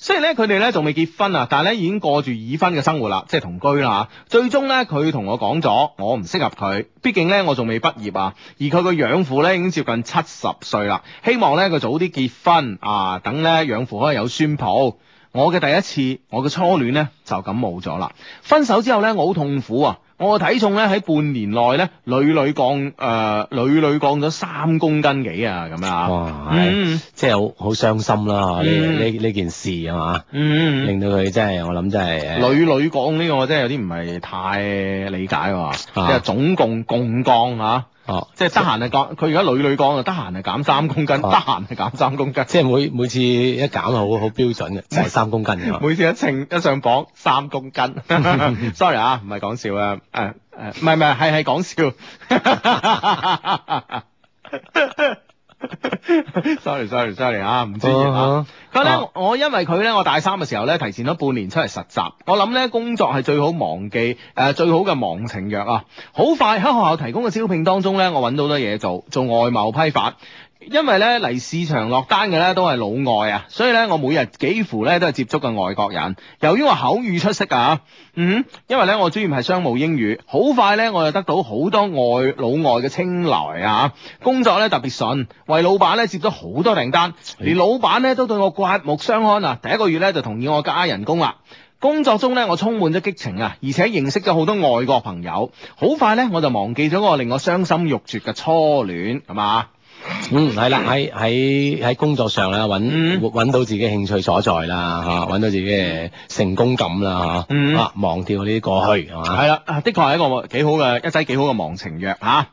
雖然咧，佢哋咧仲未結婚啊，但係咧已經過住已婚嘅生活啦，即係同居啦啊。最終咧，佢同我講咗，我唔適合佢，畢竟咧我仲未畢業啊。而佢個養父咧已經接近七十歲啦，希望咧佢早啲結婚啊，等咧養父可以有孫抱。我嘅第一次，我嘅初戀咧就咁冇咗啦。分手之後咧，我好痛苦啊。我嘅體重咧喺半年內咧屢屢降，誒屢屢降咗三公斤幾啊咁啊！哇，嗯，即係好好傷心啦！呢呢呢件事係、啊、嘛？嗯令到佢真係我諗真係，屢屢降呢個我真係有啲唔係太理解喎、啊，啊、即係總共共降嚇、啊。哦，即係得閒啊講，佢而家女女講啊，得閒啊減三公斤，得閒啊減三公斤，即係每每次一減啊好好標準嘅，即係三公斤咁啊，每次一稱一上磅三公斤，sorry 啊，唔係講笑啊，誒、啊、誒，唔係唔係係係講笑。 sorry sorry sorry 啊，唔知啊。佢咧呢，啊、我因為佢咧，我大三嘅時候咧，提前咗半年出嚟實習。我諗咧，工作係最好忘記誒、呃，最好嘅忘情藥啊！好快喺學校提供嘅招聘當中咧，我揾到好多嘢做，做外貿批發。因為咧嚟市場落單嘅咧都係老外啊，所以咧我每日幾乎咧都係接觸嘅外國人。由於我口語出色噶，嗯，因為咧我專業係商務英語，好快咧我就得到好多外老外嘅青睞啊。工作咧特別順，為老闆咧接咗好多訂單，連老闆咧都對我刮目相看啊。第一個月咧就同意我加人工啦。工作中咧我充滿咗激情啊，而且認識咗好多外國朋友。好快咧我就忘記咗個令我傷心欲絕嘅初戀，係嘛？嗯，係啦，喺喺喺工作上啦，搵搵到自己興趣所在啦，吓，啊，搵到自己嘅成功感啦，吓，啊，嗯，啊，忘掉呢啲過去係嘛？係啦，啊，的確係一個幾好嘅一劑，幾好嘅忘情藥吓。啊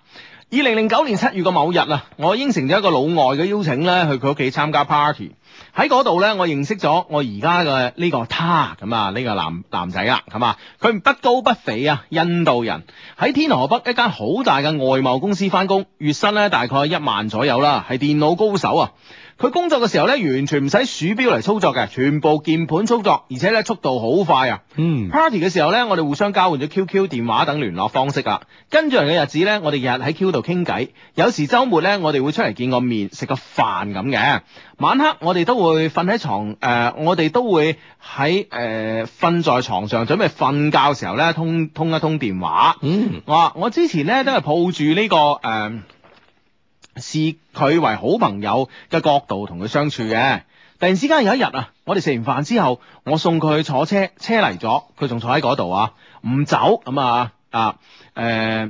二零零九年七月個某日啊，我應承咗一個老外嘅邀請咧，去佢屋企參加 party。喺嗰度咧，我認識咗我而家嘅呢個他咁啊，呢、這個男男仔啦，係嘛？佢不高不肥啊，印度人，喺天河北一間好大嘅外貿公司翻工，月薪咧大概一萬左右啦，係電腦高手啊。佢工作嘅時候呢，完全唔使鼠標嚟操作嘅，全部鍵盤操作，而且呢速度，好快啊。嗯，Party 嘅時候呢，我哋互相交換咗 QQ 電話等聯絡方式啦。跟住人嘅日子呢，我哋日日喺 Q 度傾偈，有時周末呢，我哋會出嚟見個面食個飯咁嘅。晚黑我哋都會瞓喺床，誒、呃，我哋都會喺誒瞓在床上準備瞓覺嘅時候呢，通通一通電話。嗯，我，我之前呢，都係抱住呢、這個誒。呃視佢為好朋友嘅角度同佢相處嘅。突然之間有一日啊，我哋食完飯之後，我送佢去坐車，車嚟咗，佢仲坐喺嗰度啊，唔走咁啊啊誒、啊，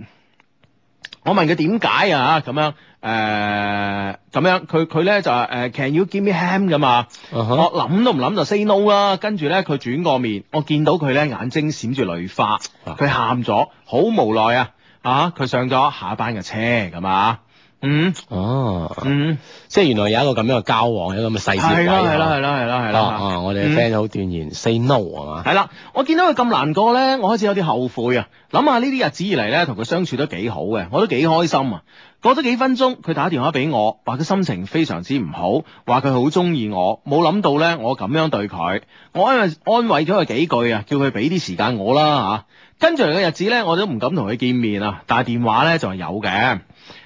我問佢點解啊？咁樣誒，咁、啊、樣佢佢咧就話誒、啊、，Can you give me hand？咁啊，huh. 我諗都唔諗就 say no 啦、啊。跟住咧，佢轉過面，我見到佢咧眼睛閃住淚花，佢喊咗，好無奈啊啊！佢上咗下一班嘅車咁啊。嗯，哦、啊，嗯，即係原來有一個咁樣嘅交往，有咁嘅細節係啦，係啦，係啦，係啦，係啦、啊，啊，我哋 friend 好斷言、嗯、，say no 係、啊、嘛，係啦，我見到佢咁難過咧，我開始有啲後悔啊，諗下呢啲日子以嚟咧，同佢相處都幾好嘅，我都幾開心啊，過咗幾分鐘，佢打電話俾我，話佢心情非常之唔好，話佢好中意我，冇諗到咧，我咁樣對佢，我安慰咗佢幾句啊，叫佢俾啲時間我啦吓，跟住嚟嘅日子咧，我都唔敢同佢見面啊，但係電話咧就係有嘅。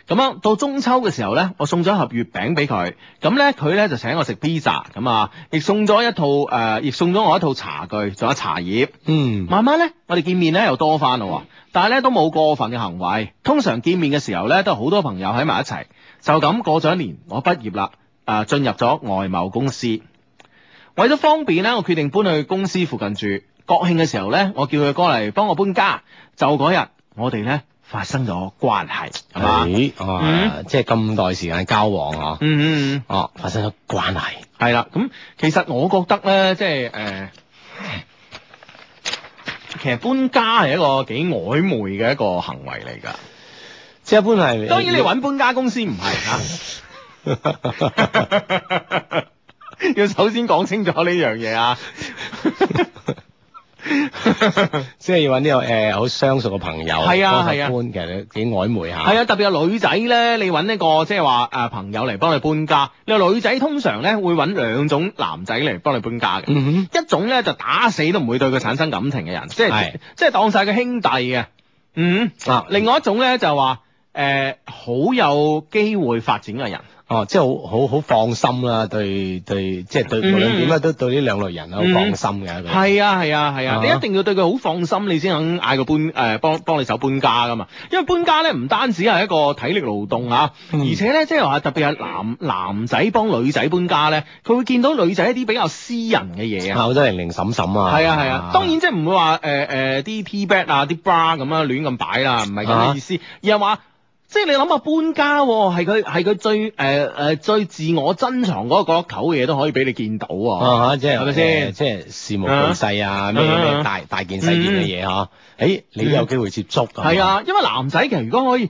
咁樣到中秋嘅時候呢，我送咗一盒月餅俾佢，咁呢，佢呢就請我食 pizza，咁啊，亦送咗一套誒，亦、呃、送咗我一套茶具，仲有茶葉。嗯，慢慢呢，我哋見面呢又多翻咯，但係呢，都冇過分嘅行為。通常見面嘅時候呢，都好多朋友喺埋一齊。就咁過咗一年，我畢業啦，誒、呃，進入咗外貿公司。為咗方便呢，我決定搬去公司附近住。國慶嘅時候呢，我叫佢過嚟幫我搬家。就嗰日，我哋呢。發生咗關係，係嘛、欸嗯啊？即係咁耐時間嘅交往哦，哦、嗯嗯嗯啊，發生咗關係，係啦。咁其實我覺得咧，即係誒、呃，其實搬家係一個幾曖昧嘅一個行為嚟噶。即係搬係，當然你揾搬家公司唔係啊。 要首先講清楚呢樣嘢啊。 即係要揾呢個誒好、呃、相熟嘅朋友，係啊係啊，啊其實幾曖昧下。係啊，特別係女仔咧，你揾呢個即係話誒朋友嚟幫你搬家。你話女仔通常咧會揾兩種男仔嚟幫你搬家嘅，嗯、哼一種咧就打死都唔會對佢產生感情嘅人，即係即係當晒個兄弟嘅。嗯啊，另外一種咧就話誒、呃、好有機會發展嘅人。哦，即係好好好放心啦，對對，即係對，無論點啊，都對呢兩類人啊好放心嘅。係啊，係啊，係啊，你一定要對佢好放心，你先肯嗌佢搬誒幫幫你手搬家㗎嘛。因為搬家咧，唔單止係一個體力勞動啊，而且咧，即係話特別係男男仔幫女仔搬家咧，佢會見到女仔一啲比較私人嘅嘢啊，即係零零沈沈啊。係啊係啊，當然即係唔會話誒誒啲 t bag 啊啲 bra 咁樣亂咁擺啦，唔係咁嘅意思，而係話。即係你諗下搬家，係佢係佢最誒誒、呃、最自我珍藏嗰、嗰個一嚿嘢都可以俾你見到啊！即係係咪先？即係事無巨細啊，咩咩、啊、大大件細件嘅嘢呵？誒、嗯哎，你有機會接觸㗎係、嗯、啊，因為男仔其實如果可以。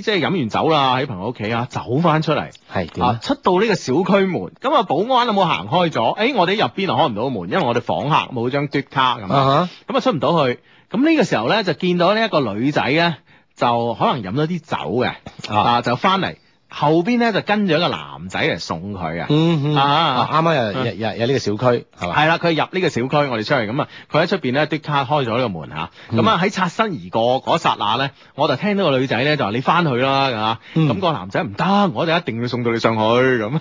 即係飲完酒啦，喺朋友屋企啊，走翻出嚟，係點啊，出到呢個小區門，咁啊保安有冇行開咗，誒、哎，我哋入邊又開唔到門，因為我哋房客冇張嘟卡咁，啊咁啊出唔到去，咁呢個時候咧就見到呢一個女仔咧，就可能飲咗啲酒嘅，uh huh. 啊，就翻嚟。後邊咧就跟住一個男仔嚟送佢啊！啊，啱啱又又又呢個小區係嘛？係啦，佢入呢個小區，我哋出嚟咁啊！佢喺出邊咧，即卡開咗呢個門吓，咁啊喺擦身而過嗰剎那咧，我就聽到個女仔咧就話：你翻去啦，咁啊！咁個男仔唔得，我哋一定要送到你上去咁。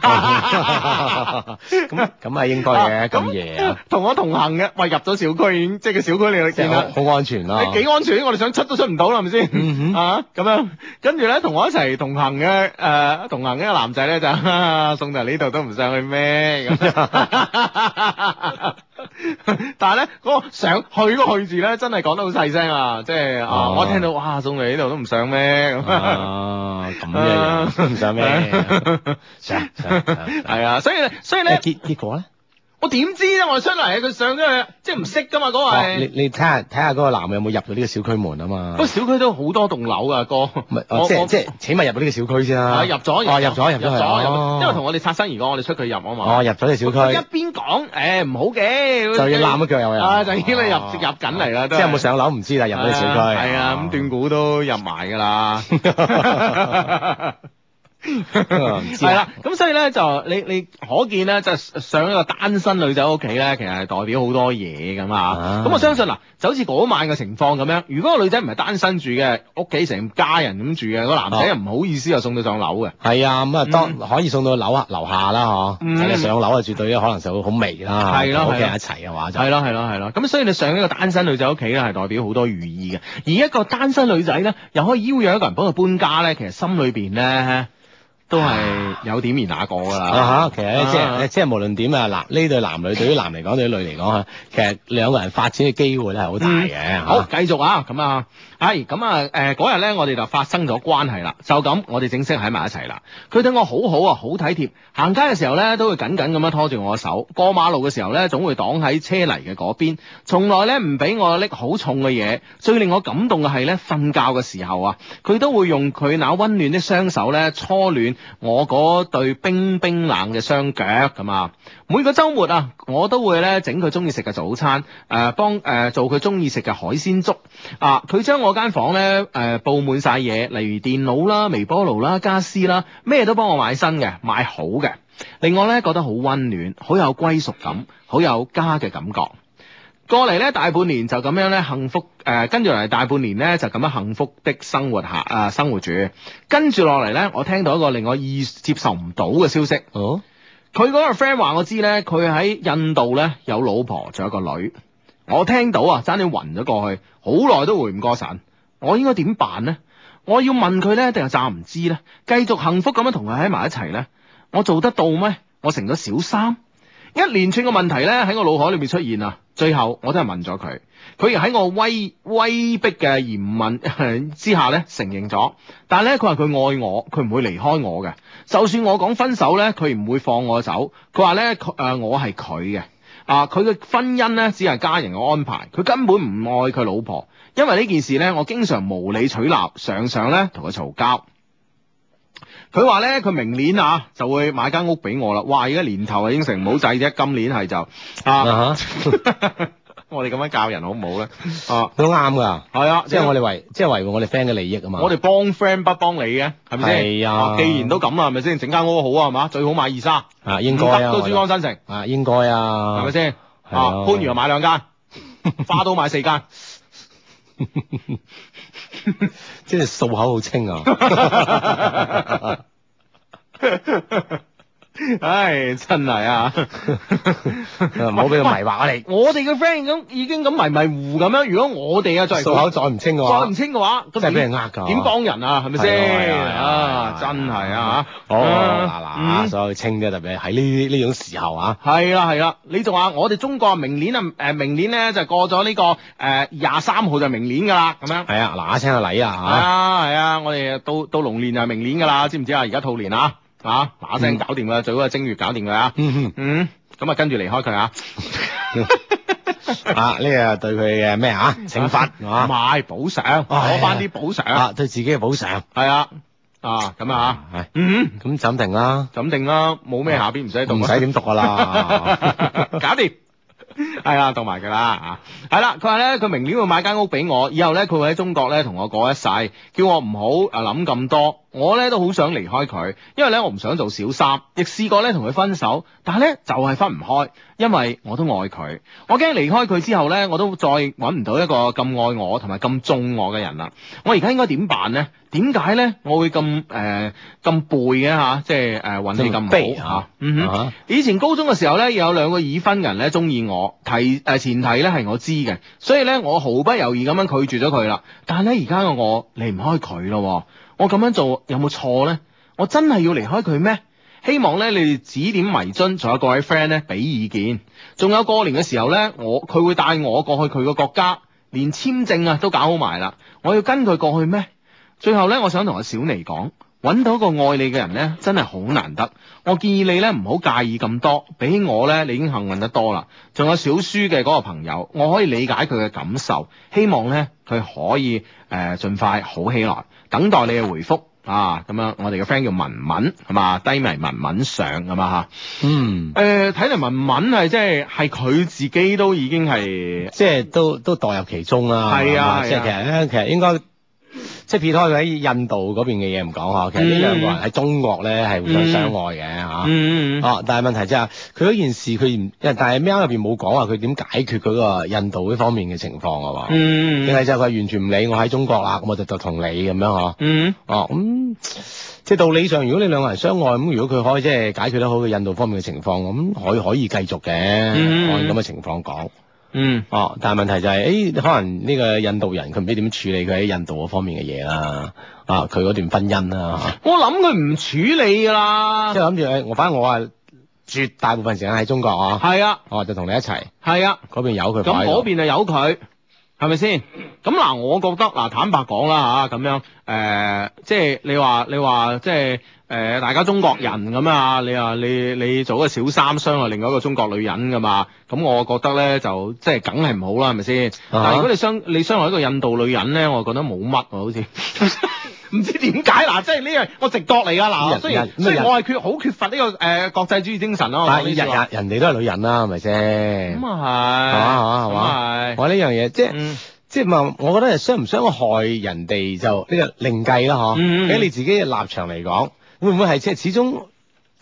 咁咁係應該嘅，咁夜同我同行嘅，喂入咗小區，即係個小區你去見好安全啦，你幾安全！我哋想出都出唔到啦，係咪先？啊咁樣，跟住咧同我一齊同行嘅誒。誒同行嘅男仔咧就送嚟呢度都唔上去咩咁，但係咧嗰個上去嗰個去字咧真係講得好細聲啊！即係啊，我聽到哇，送嚟呢度都唔上咩咁啊咁樣，唔上咩上係啊，所以所以咧結結果咧。我點知咧？我出嚟，佢上咗去，即係唔識噶嘛嗰位。你你睇下睇下嗰個男有冇入到呢個小區門啊嘛？個小區都好多棟樓噶，哥。唔係，即係即係，起碼入到呢個小區先啦。入咗，入咗，入咗，因為同我哋擦身而過，我哋出佢入啊嘛。哦，入咗呢個小區。一邊講，誒唔好嘅，就要攬一腳入去。啊，就要入入緊嚟啦。即係有冇上樓唔知啦，入咗呢個小區。係啊，咁斷估都入埋㗎啦。係、啊、 啦，咁所以咧就你你可見咧，就上一個單身女仔屋企咧，其實係代表好多嘢咁啊。咁我相信嗱，就好似嗰晚嘅情況咁樣，如果個女仔唔係單身住嘅，屋企成家人咁住嘅，個男仔又唔好意思又送到上樓嘅。係啊，咁啊，當可以送到樓下樓下啦，嗬、嗯。上樓啊，絕對咧可能 的就會好微啦。係咯係咯係咯。咁所以你上一個單身女仔屋企咧，係代表好多寓意嘅。而一個單身女仔咧，又可以邀約一個人幫佢搬家咧，其實心裏邊咧。都係有點燃打過㗎啦。啊，其實咧、啊、即係即係無論點啊，嗱呢對男女 對於男嚟講對女嚟講嚇，其實兩個人發展嘅機會咧係好大嘅、嗯。好，啊、繼續啊，咁啊，係、哎、咁啊誒嗰日咧，呃、我哋就發生咗關係啦。就咁，我哋正式喺埋一齊啦。佢對我好好啊，好體貼。行街嘅時候咧，都會緊緊咁樣拖住我手。過馬路嘅時候咧，總會擋喺車嚟嘅嗰邊，從來咧唔俾我拎好重嘅嘢。最令我感動嘅係咧，瞓覺嘅時候啊，佢都會用佢那温暖啲雙手咧搓暖。我嗰對冰冰冷嘅雙腳。咁啊，每個周末啊，我都會咧整佢中意食嘅早餐，誒幫誒做佢中意食嘅海鮮粥啊。佢將我間房咧誒、呃、布滿晒嘢，例如電腦啦、微波爐啦、家私啦，咩都幫我買新嘅、買好嘅。另外咧覺得好温暖、好有歸屬感、好有家嘅感覺。過嚟咧大半年就咁樣咧幸福誒、呃，跟住嚟大半年咧就咁樣幸福的生活下啊、呃、生活住，跟住落嚟咧我聽到一個令我意接受唔到嘅消息。哦，佢嗰個 friend 話我知咧，佢喺印度咧有老婆仲有個女。我聽到啊，差啲暈咗過去，好耐都回唔過神。我應該點辦呢？我要問佢咧，定係詐唔知咧？繼續幸福咁樣同佢喺埋一齊咧？我做得到咩？我成咗小三？一連串嘅問題咧喺我腦海裏面出現啊，最後我都係問咗佢，佢又喺我威威逼嘅嚴問之下咧承認咗，但係咧佢話佢愛我，佢唔會離開我嘅，就算我講分手咧，佢唔會放我走。佢話咧，誒，我係佢嘅，啊，佢嘅婚姻咧只係家人嘅安排，佢根本唔愛佢老婆。因為呢件事咧，我經常無理取鬧，常常咧同佢嘈交。佢話咧，佢明年啊就會買間屋俾我啦。哇！而家年頭啊，應承唔好滯啫。今年係就啊，我哋咁樣教人好唔好咧？啊，都啱噶，係啊，即係我哋維即係維護我哋 friend 嘅利益啊嘛。我哋幫 friend 不幫你嘅，係咪先？係啊，既然都咁啊，係咪先？整間屋好啊，係嘛？最好買二沙啊，應該啊。五都珠江新城啊，應該啊，係咪先？啊，番禺又買兩間，花都買四間。即係漱口好清啊！唉，真係啊！唔好俾佢迷惑，話你。我哋嘅 friend 咁已經咁迷迷糊咁樣，如果我哋啊再，數口再唔清嘅話，再唔清嘅話，真係俾人呃㗎。點幫人啊？係咪先？啊，真係啊好嗱嗱，所以清嘅特別喺呢呢種時候啊。係啦係啦，你仲話我哋中國明年啊？誒，明年咧就過咗呢個誒廿三號就明年㗎啦，咁樣。係啊，嗱一聲啊禮啊嚇！係啊，我哋到到龍年就係明年㗎啦，知唔知啊？而家兔年啊！啊，嗱聲搞掂佢啦，最好係正月搞掂佢啊。嗯，咁啊，跟住離開佢啊。啊，呢個對佢嘅咩啊？懲罰啊？唔係，補償，攞翻啲補償啊，對自己嘅補償。係啊，啊，咁啊，嗯，咁暫定啦，咁定啦，冇咩下邊唔使讀，唔使點讀噶啦，搞掂。係啦，讀埋噶啦。係啦，佢話咧，佢明年會買間屋俾我，以後咧，佢會喺中國咧同我過一世，叫我唔好誒諗咁多。我咧都好想離開佢，因為咧我唔想做小三，亦試過咧同佢分手，但係咧就係、是、分唔開，因為我都愛佢。我驚離開佢之後咧，我都再搵唔到一個咁愛我同埋咁縱我嘅人啦。我而家應該點辦呢？點解咧我會咁誒咁背嘅吓？即係誒運氣咁背吓？呃、好是是嗯哼，uh huh. 以前高中嘅時候咧，有兩個已婚人咧中意我，提誒前提咧係我知嘅，所以咧我毫不猶豫咁樣拒絕咗佢啦。但係咧而家嘅我離唔開佢咯。我咁樣做有冇錯呢？我真係要離開佢咩？希望咧，你哋指點迷津，仲有各位 friend 咧俾意見。仲有過年嘅時候咧，我佢會帶我過去佢嘅國家，連簽證啊都搞好埋啦。我要跟佢過去咩？最後咧，我想同阿小妮講，搵到一個愛你嘅人咧，真係好難得。我建議你咧唔好介意咁多，俾我咧，你已經幸運得多啦。仲有小書嘅嗰個朋友，我可以理解佢嘅感受，希望咧佢可以誒、呃、盡快好起來。等待你嘅回覆啊，咁樣我哋嘅 friend 叫文文，係嘛？低迷文文上咁嘛。吓嗯，誒、呃，睇嚟文文係即係係佢自己都已經係，即係都都代入其中啦。係啊，即係其實咧，啊、其實應該。即係撇開佢喺印度嗰邊嘅嘢唔講嚇，其實你兩個人喺中國咧係互相相愛嘅嚇。哦、嗯，啊、但係問題就係佢嗰件事佢唔，但係咩入邊冇講話佢點解決佢個印度呢方面嘅情況啊？嘛、嗯？定係就佢完全唔理我喺中國啦，咁我，我就就同你咁樣嚇。哦、啊，咁、嗯啊嗯、即係道理上，如果你兩個人相愛，咁如果佢可以即係解決得好佢印度方面嘅情況，咁、嗯、可以可以繼續嘅按咁嘅情況講。嗯，哦，但係問題就係、是，誒、欸，可能呢個印度人佢唔知點處理佢喺印度方面嘅嘢啦，嗯、啊，佢嗰段婚姻啦，我諗佢唔處理噶啦，即係諗住，誒、欸，我反正我係絕大部分時間喺中國啊，係啊，我、哦、就同你一齊，係啊，嗰邊有佢，咁嗰邊就有佢，係咪先？咁嗱、啊，我覺得嗱、啊，坦白講啦，吓、啊、咁樣，誒、呃，即係你話你話即係。誒，大家中國人咁啊！你話你你做嗰個小三傷害另外一個中國女人㗎嘛？咁我覺得咧就即係梗係唔好啦，係咪先？但如果你傷你傷害一個印度女人咧，我覺得冇乜喎，好似唔知點解嗱，即係呢樣我直覺嚟㗎嗱，雖然雖然我係缺好缺乏呢個誒國際主義精神咯，係日日人哋都係女人啦，係咪先？咁啊係，係嘛係嘛係嘛係我呢樣嘢，即係即係我覺得係傷唔傷害人哋就呢個另計啦，嗬！喺你自己嘅立場嚟講。會唔會係即係始終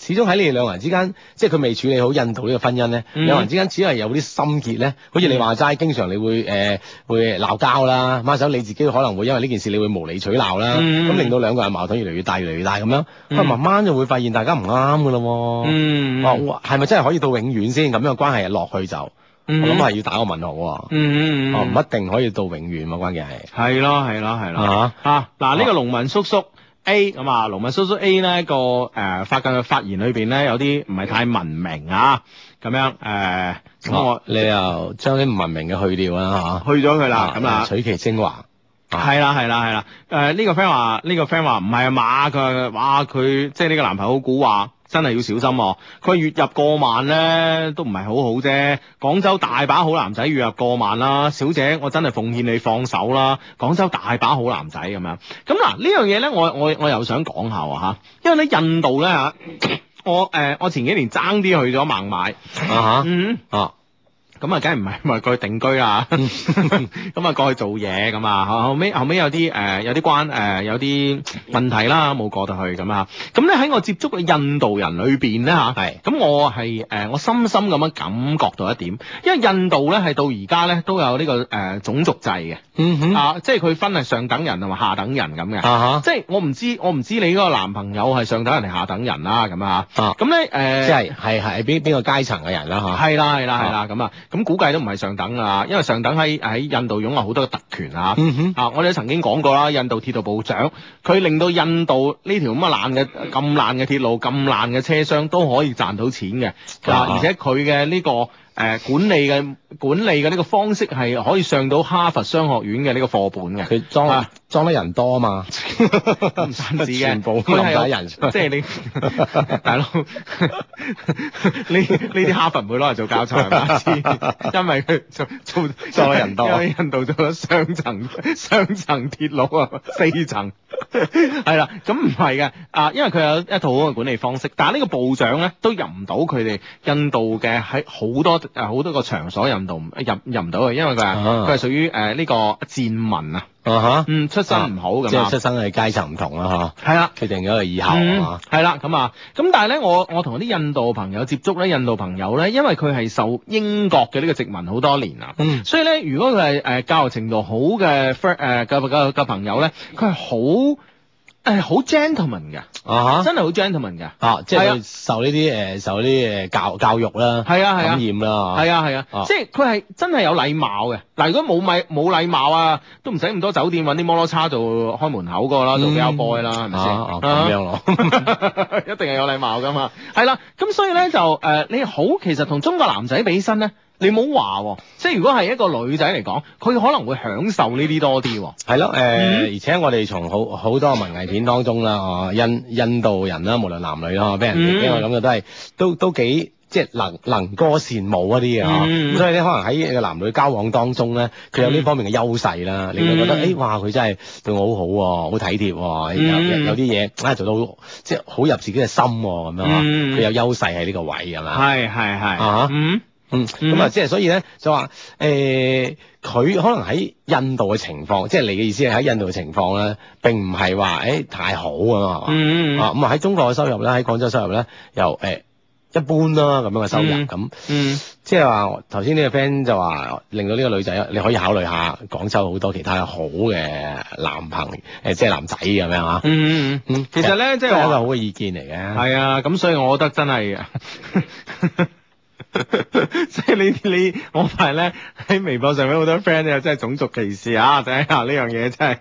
始終喺你哋兩個人之間，即係佢未處理好印度呢個婚姻咧？兩人之間只係有啲心結咧，好似你話齋，經常你會誒會鬧交啦，或者你自己可能會因為呢件事你會無理取鬧啦，咁令到兩個人矛盾越嚟越大，越嚟越大咁樣，可能慢慢就會發現大家唔啱噶咯。嗯，哇，係咪真係可以到永遠先咁樣嘅關係落去就？我諗係要打個問號。嗯，唔一定可以到永遠嘛，關鍵係。係咯係咯係咯。吓，嗱呢個農民叔叔。宿宿 A 咁啊，農民叔叔 A 呢個誒發緊嘅發言裏邊咧有啲唔係太文明啊，咁樣誒，咁、啊、我你又將啲唔文明嘅去掉啦吓，啊、去咗佢啦，咁啊樣取其精華，係啦係啦係啦，誒呢、啊這個 friend 話呢個 friend 話唔係啊馬，佢話佢即係呢個男朋友好蠱惑。真係要小心喎、啊，佢月入過萬呢都唔係好好啫。廣州大把好男仔月入過萬啦，小姐我真係奉勸你放手啦。廣州大把好男仔咁樣。咁嗱呢樣嘢、啊、呢，我我我又想講下喎、啊、因為咧印度呢，嚇，我、呃、誒我前幾年爭啲去咗孟買啊嚇嗯啊。咁啊，梗係唔係咪過去定居啊？咁啊，過去做嘢咁啊，後尾後尾有啲誒，有啲關誒，有啲問題啦，冇過得去咁啊。咁咧喺我接觸嘅印度人裏邊咧嚇，係咁我係誒，我深深咁樣感覺到一點，因為印度咧係到而家咧都有呢個誒種族制嘅，嗯哼啊，即係佢分係上等人同埋下等人咁嘅，即係我唔知我唔知你嗰個男朋友係上等人定下等人啦咁啊嚇，啊咁咧誒，即係係係邊邊個階層嘅人啦嚇，係啦係啦係啦咁啊。咁估計都唔係上等啊，因為上等喺喺印度擁有好多嘅特權啊。嗯、哼啊，我哋曾經講過啦，印度鐵道部長，佢令到印度呢條咁啊爛嘅咁爛嘅鐵路咁爛嘅車廂都可以賺到錢嘅。啊、嗯哼，而且佢嘅呢個。誒管理嘅管理嘅呢個方式係可以上到哈佛商學院嘅呢個課本嘅。佢裝、啊、裝得人多啊嘛，唔單止嘅，全部都係人，即係、就係、你大佬，呢呢啲哈佛唔會攞嚟做教材， 因為佢做做得人多。 印度做咗雙層雙層、雙層鐵路啊，四層係啦，咁唔係嘅啊，因為佢有一套好嘅管理方式，但係呢個部長咧都入唔到佢哋印度嘅喺好多。啊，好多個場所入唔到，入入唔到嘅，因為佢係佢係屬於誒呢、呃這個賤民啊，啊哈嗯，出身唔好咁、啊、哈即係出身嘅階層唔同啦、啊，嚇是、啊啊，係啦，決定咗佢以後、啊嗯，係啦，咁啊，咁、啊、但係咧，我我同啲印度朋友接觸咧，印度朋友咧，因為佢係受英國嘅呢個殖民好多年啦，嗯、所以咧，如果佢係誒教育程度好嘅 friend 誒個個個朋友咧，佢係好。誒，好 gentleman 噶，啊吓，真係好 gentleman 噶，啊，即係受呢啲誒，受呢啲誒教教育啦，係啊，感染啦，係啊係啊，即係佢係真係有禮貌嘅。嗱，如果冇米冇禮貌啊，都唔使咁多酒店搵啲摩羅差做開門口噶啦，做 bell boy 啦，係咪先？啊，一定係有禮貌噶嘛。係啦、啊，咁所以咧就誒、呃，你好，其實同中國男仔比起身咧。你冇話喎，即係如果係一個女仔嚟講，佢可能會享受呢啲多啲喎。係咯，誒，而且我哋從好好多文藝片當中啦，印印度人啦，無論男女啦，俾人俾我諗嘅都係都都幾即係能能歌善舞嗰啲啊。咁所以咧，可能喺男女交往當中咧，佢有呢方面嘅優勢啦。你會覺得，誒，哇，佢真係對我好好，好體貼，有有啲嘢啊做到即係好入自己嘅心咁樣。佢有優勢喺呢個位係嘛？係係係啊！嗯，咁啊，嗯，即係所以咧，欸，就話誒，佢可能喺印度嘅情況，即係你嘅意思係喺印度嘅情況咧，並唔係話誒太好啊嘛，啊，嗯，咁啊喺中國嘅收入咧，喺廣州收入咧，又誒，欸，一般啦咁樣嘅收入咁，嗯，即係話頭先呢個 friend 就話令到呢個女仔，你可以考慮下廣州好多其他好嘅男朋誒，欸，即係男仔咁樣啊，嗯嗯嗯，其實咧即係我就好嘅意見嚟嘅，係啊，就是，咁所以我覺得真係。 即 以你你我發現咧喺微博上面好多 friend 咧真係種族歧視啊！就下呢樣嘢真係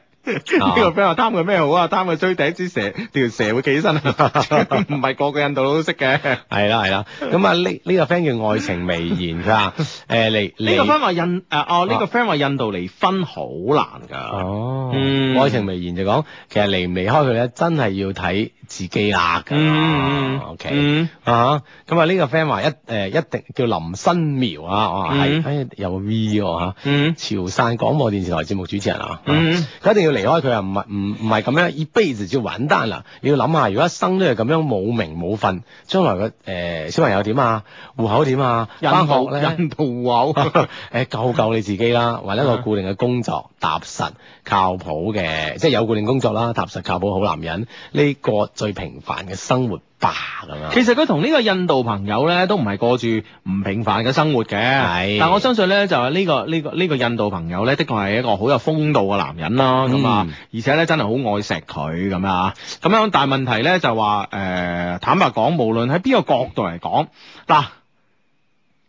呢個 friend 話，貪佢咩好啊？貪佢追第一支蛇條 蛇會企起身，唔係個個印度佬都識嘅。係啦係啦，咁啊呢呢個 friend 叫愛情微言噶，誒，離呢個 friend 話印，誒哦呢個 friend 話印度離婚好難噶。哦，愛情微言就講其實離唔離開佢咧，真係要睇。自己啦，咁 OK、嗯、啊，咁、okay，嗯、啊呢、這個 friend 話一誒、呃、一定叫林新苗啊，哦係、嗯，哎有 V 喎嚇，啊嗯、潮汕廣播電視台節目主持人啊，佢、嗯啊、一定要離開佢啊，唔係唔唔係咁樣，一輩子就完蛋啦，你要諗下如果一生都係咁樣冇名冇份，將來個誒、呃、小朋友點啊，戶口點啊，入學入學戶口，誒 救救你自己啦，揾一個固定嘅工作踏實。靠譜嘅，即係有固定工作啦，踏實靠譜好男人，呢個最平凡嘅生活吧咁樣。其實佢同呢個印度朋友呢，都唔係過住唔平凡嘅生活嘅。係，但我相信呢，就係呢個呢個呢個印度朋友呢，的確係一個好有風度嘅男人啦。咁啊，而且呢，真係好愛錫佢咁啊。咁樣，但係問題咧就話誒，坦白講，無論喺邊個角度嚟講，嗱，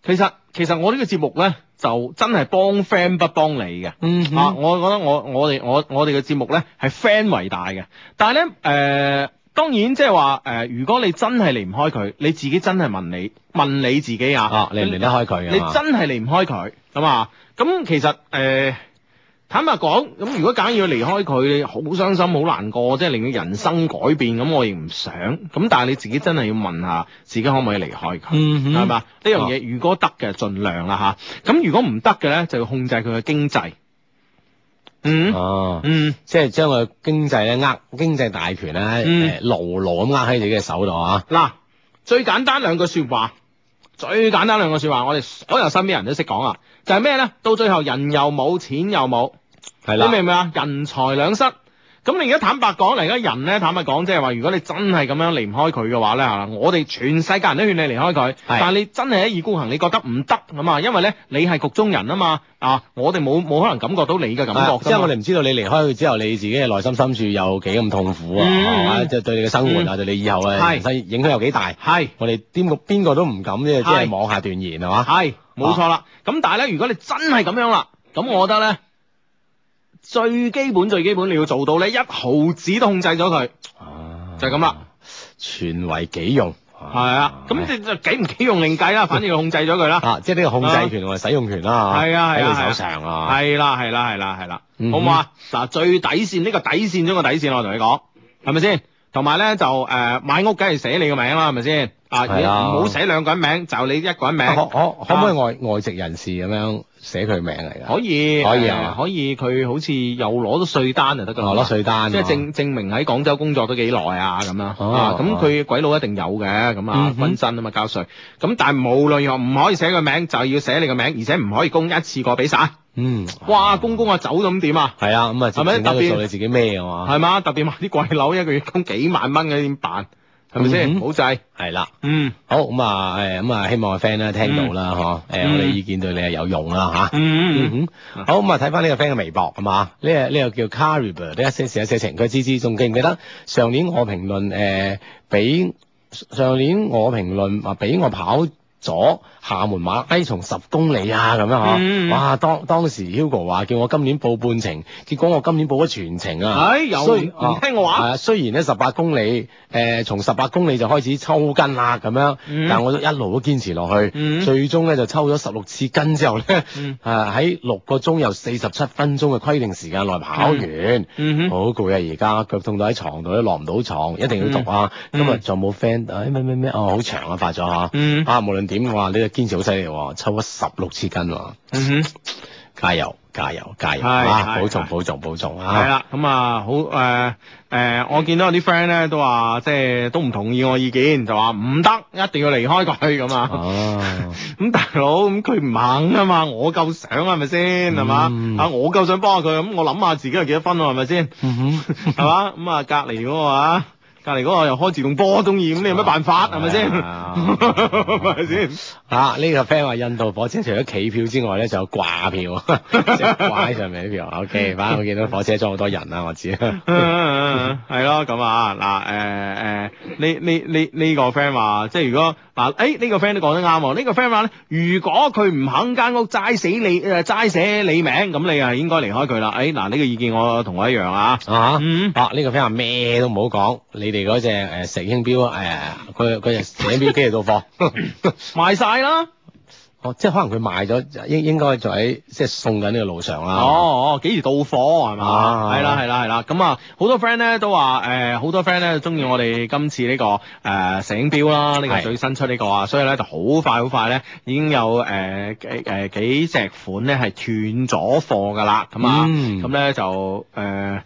其實其實我呢個節目呢。就真係幫 friend 不幫你嘅，嗯哼，啊，我覺得我我哋我我哋嘅節目咧係 friend 為大嘅，但係咧誒，當然即係話誒，如果你真係離唔開佢，你自己真係問你問你自己啊，離唔離得開佢你，啊，你真係離唔開佢，咁啊。咁其實誒。呃坦白講，咁如果揀要離開佢，好傷心好難過，即係令佢人生改變，咁我亦唔想。咁但係你自己真係要問下，自己可唔可以離開佢？係嘛、嗯哼？呢樣嘢如果得嘅，盡量啦吓。咁如果唔得嘅咧，就要控制佢嘅經濟。哦、嗯。哦。嗯。即係將佢經濟咧，經濟大權咧，呃牢牢咁握喺自己嘅手度啊。嗱，最簡單兩句說話，最簡單兩句說話，我哋所有身邊人都識講啊，就係咩咧？到最後人又冇，錢又冇。你明唔明啊？人財兩失，咁你而家坦白講嚟，而家人咧坦白講，即係話，如果你真係咁樣離唔開佢嘅話咧，吓，我哋全世界人都勸你離開佢，但係你真係一意孤行，你覺得唔得咁啊？因為咧，你係局中人啊嘛啊，我哋冇冇可能感覺到你嘅感覺，即係我哋唔知道你離開佢之後，你自己嘅內心深處有幾咁痛苦啊，係嘛？即係對你嘅生活啊，對你以後咧，係影響有幾大？係，我哋邊個邊個都唔敢即係妄下斷言啊嘛。係，冇錯啦。咁但係咧，如果你真係咁樣啦，咁我覺得咧。最基本最基本你要做到咧，一毫子都控制咗佢，就咁啦，全為己用，係啊，咁你就幾唔幾用另計啦，反正要控制咗佢啦，啊，即係呢個控制權同埋使用權啦，喺你手上啊，係啦係啦係啦係啦，好唔好啊？嗱，最底線呢個底線中個底線，我同你講，係咪先？同埋咧就誒買屋梗係寫你個名啦，係咪先？啊，唔好寫兩個人名，就你一個人名，可可唔可以外外籍人士咁樣？寫佢名嚟噶，可以可以啊，可以佢好似又攞咗稅單就得噶啦，攞稅單，即係證證明喺廣州工作咗幾耐啊咁啦，啊咁佢鬼佬一定有嘅，咁啊，分身啊嘛交稅，咁但係冇理由又唔可以寫佢名，就要寫你個名，而且唔可以供一次過俾晒，嗯，哇，公公啊走咁點啊，係啊，咁啊，係咪特別做你自己咩啊嘛，係嘛，特別買啲貴樓，一個月供幾萬蚊嘅點辦？係咪先？好滯，係啦。嗯，好咁、mm hmm. 啊，誒，咁啊，希望個 friend 咧聽到啦，嗬。誒，我哋意見對你係有用啦，吓、啊 mm hmm. 嗯。嗯嗯，嗯好，咁啊，睇返呢個 friend 嘅微博，係嘛？呢個呢個叫 Caribou，你一試試下寫情，佢知唔知？仲記唔記得上年我評論誒，俾、呃、上年我評論話俾我跑。左廈門馬拉松十公里啊，咁樣嗬，哇當當時 Hugo 話叫我今年報半程，結果我今年報咗全程啊，係有，唔聽我話，雖然呢十八公里，誒從十八公里就開始抽筋啦，咁樣，但我都一路都堅持落去，最終咧就抽咗十六次筋之後咧，誒喺六個鐘又四十七分鐘嘅規定時間內跑完，好攰啊，而家腳痛到喺床度都落唔到床，一定要讀啊，今日仲冇 friend，咩咩咩，哦好長啊發咗吓，啊無論。點話你個堅持好犀利，抽咗十六次筋喎，哼，加油加油加油啊，保重保重保重啊，係啦，咁啊好誒誒，我見到有啲 friend 咧都話即係都唔同意我意見，就話唔得，一定要離開佢咁啊，哦，咁大佬咁佢唔肯啊嘛，我夠想係咪先係嘛啊，我夠想幫佢，咁我諗下自己係幾多分咯係咪先，嗯哼，係嘛，咁啊隔籬嗰個啊。隔籬嗰個又開自動波，中意咁，你有咩辦法？係咪先？係咪先？啊，呢個 friend 話印度火車除咗企票之外咧，仲有掛票，食掛喺上面啲票。 o、okay, K，反正我見到火車裝好多人啦，我知、啊。係咯咁啊嗱，誒、啊、誒，呢呢呢呢個 friend 話，即係如果嗱誒、啊哎這個哦這個、呢個 friend 都講得啱。呢個 friend 話咧，如果佢唔肯間屋齋死你誒齋寫你名，咁你又應該離開佢啦。誒嗱呢個意見我同我一樣啊。嗯、啊啊呢、這個 friend 話咩都唔好講。你哋嗰隻誒石英表誒，佢、哎、佢石英表幾時到貨？ 賣晒啦了！哦，即係可能佢賣咗，應應該就喺即係送緊呢個路上啦。哦哦，幾時到貨係嘛？係啦係啦係啦。咁啊，好多 friend 咧都話誒，好、呃、多 friend 咧中意我哋今次呢、呢個誒、呃、石英表啦，呢、呢個最新出呢、呢個啊，的所以咧就好快好快咧，已經有誒、呃、幾誒、呃、幾隻款咧係斷咗貨㗎啦。咁啊，咁咧、嗯、就誒。呃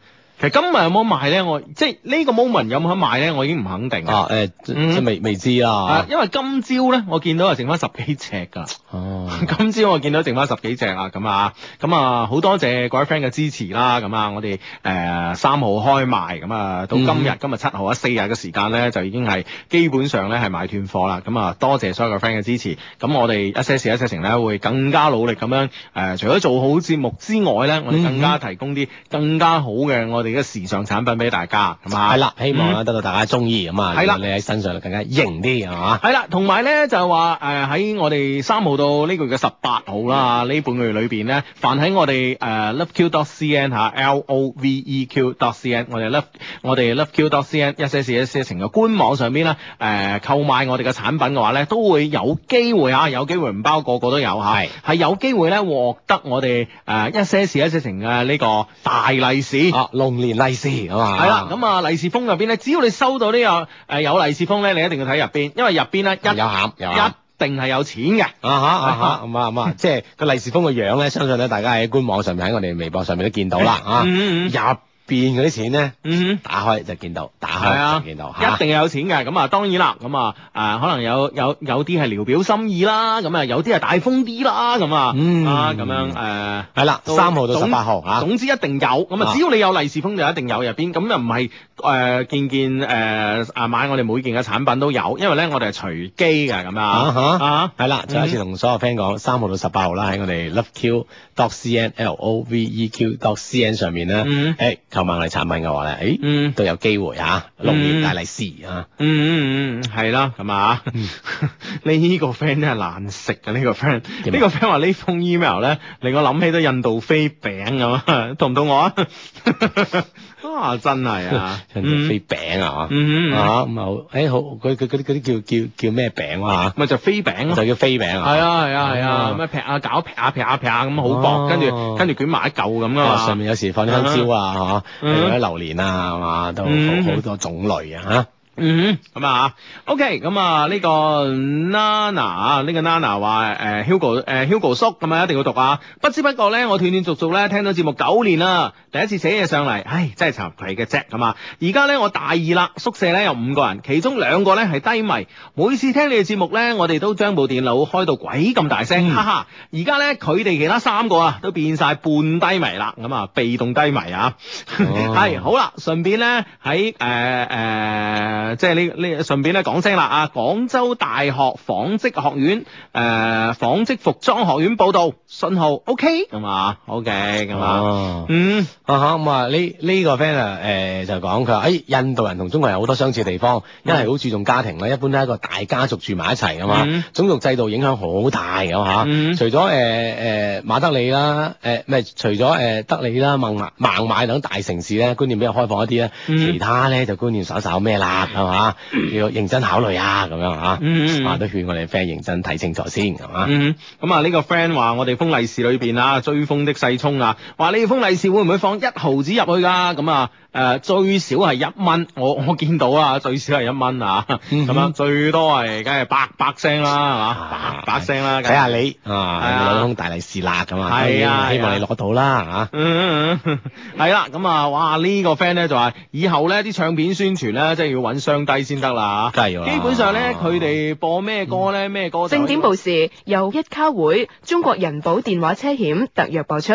今日有冇賣咧？我即係、這個、呢個 moment 有冇得賣咧？我已經唔肯定啊！誒、欸嗯，即係未未知啦。因為今朝咧，我見到係剩翻十幾隻㗎。哦、啊， 今朝我見到剩翻十幾隻啊！咁啊，咁啊，好多謝各位 friend 嘅支持啦！咁啊，我哋誒三號開賣咁啊，到今,、嗯、今日今日七號啊，四日嘅時間咧就已經係基本上咧係買斷貨啦！咁啊，多謝所有嘅 friend 嘅支持。咁我哋一些事一些情咧會更加努力咁樣誒，除咗做好節目之外咧，我哋更加提供啲更加好嘅我哋、嗯。嘅時尚產品俾大家，係嘛？係啦， 嗯、希望咧得到大家中意咁啊，係你喺身上咧更加型啲，係嘛 By？係啦，同埋咧就係話，誒、呃，喺我哋三號到呢個月嘅十八號啦，呢、嗯、半個月裏邊咧，凡喺我哋誒、呃、l o v e q d o t cn 吓 l o v e q d o t cn，我哋 love 我哋 l o v e q d o t cn 一些事一些情嘅官網上邊咧誒，購、呃、買我哋嘅產品嘅話咧，都會有機會啊，有機會唔包個個都有嚇，係、嗯、是有機會咧獲得我哋誒、呃、一些事一些情嘅呢個大利是啊，龍。連利，啊，是啊嘛，係啦，咁啊利是封入邊咧，只要你收到呢，這個誒、呃，有利是封咧，你一定要睇入邊，因為入邊咧一有餡，有，一定係有錢嘅啊吓啊吓，咁啊咁啊，即係個利是封個樣咧， 相信咧大家喺官網上面喺我哋微博上面都見到啦、欸、啊、嗯嗯、入。變嗰啲錢咧，嗯，打開就見到，打開就見到，嚇，一定有錢嘅。咁啊，當然啦，咁啊，誒，可能有有有啲係聊表心意啦，咁啊，有啲係大風啲啦，咁啊，啊，咁樣誒，係啦，三號到十八號啊，總之一定有，咁啊，只要你有利是封就一定有入邊，咁又唔係誒件件誒啊買我哋每件嘅產品都有，因為咧我哋係隨機嘅咁樣，嚇嚇，係啦，就一次同所有 friend 講，三號到十八號啦，喺我哋 loveq.cn.l.o.v.e.q.c.n d o d o 上面咧，誒賣我哋產品嘅話咧，誒，都有機會吓，六年大利是啊，嗯嗯嗯，係啦，咁啊，呢個 friend 咧難食啊。呢個 friend，呢個 friend 話呢封 email 咧令我諗起都印度飛餅咁啊，痛唔痛我啊？啊，真係啊，印度飛餅啊，吓，啊，誒，好，佢佢嗰啲啲叫叫叫咩餅啊？吓，咪就飛餅咯，就叫飛餅，係啊係啊係啊，咁啊，劈啊搞劈啊劈啊劈啊咁啊，好薄，跟住跟住捲埋一嚿咁啊，上面有時放啲香蕉啊，吓。例如榴蓮啊，係嘛，都好多種類啊，嗯嗯，咁、mm hmm. 啊，OK，咁啊呢、呢個 Nana，呢個 Nana 話誒、呃、Hugo，誒、呃、Hugo 叔咁啊，一定要讀啊！不知不覺咧，我斷斷續續咧聽到節目九年啦，第一次寫嘢上嚟，唉，真係慚愧嘅啫，咁啊！而家咧我大二啦，宿舍咧有五個人，其中兩個咧係低迷，每次聽你嘅節目咧，我哋都將部電腦開到鬼咁大聲，嗯、哈哈！而家咧佢哋其他三個啊都變晒半低迷啦，咁啊被動低迷啊，係、 oh. 好啦，順便咧喺誒誒。誒，即係呢呢順便咧講聲啦啊！廣州大學紡織學院誒、呃，紡織服裝學院報道信號 OK 咁啊，OK 咁 okay ,啊、哦，嗯啊哈咁啊，呢呢個 friend 誒就講佢話，誒、欸、印度人同中國人好多相似地方，一係好注重家庭啦，一般都係一個大家族住埋一齊咁啊，嗯、種族制度影響好大咁嚇。嗯嗯、除咗誒誒馬德里啦，誒、呃、咩，除咗誒、呃、德里啦、孟孟買等大城市咧，觀念比較開放一啲咧、呃，其他咧就觀念稍稍咩啦。係嘛，要認真考慮啊，咁樣啊，嗯、mm，啊都勸我哋 friend 認真睇清楚先，係嘛，嗯、mm，咁啊呢個 friend 話我哋封利是裏邊啊，追風的細聰啊，話你封利是會唔會放一毫紙入去噶，咁啊？誒，最少係一蚊，我我見到啊，最少係一蚊啊，咁樣最多係梗係百百聲啦，係嘛，百百聲啦，睇下你啊，老公大利是啦，咁啊，係啊，希望你攞到啦，吓，嗯嗯嗯，係啦，咁啊，哇，呢個 friend 咧就話，以後咧啲唱片宣傳咧，即係要揾上低先得啦，吓，係基本上咧，佢哋播咩歌咧，咩歌正點報時，由一卡會中國人保電話車險特約播出。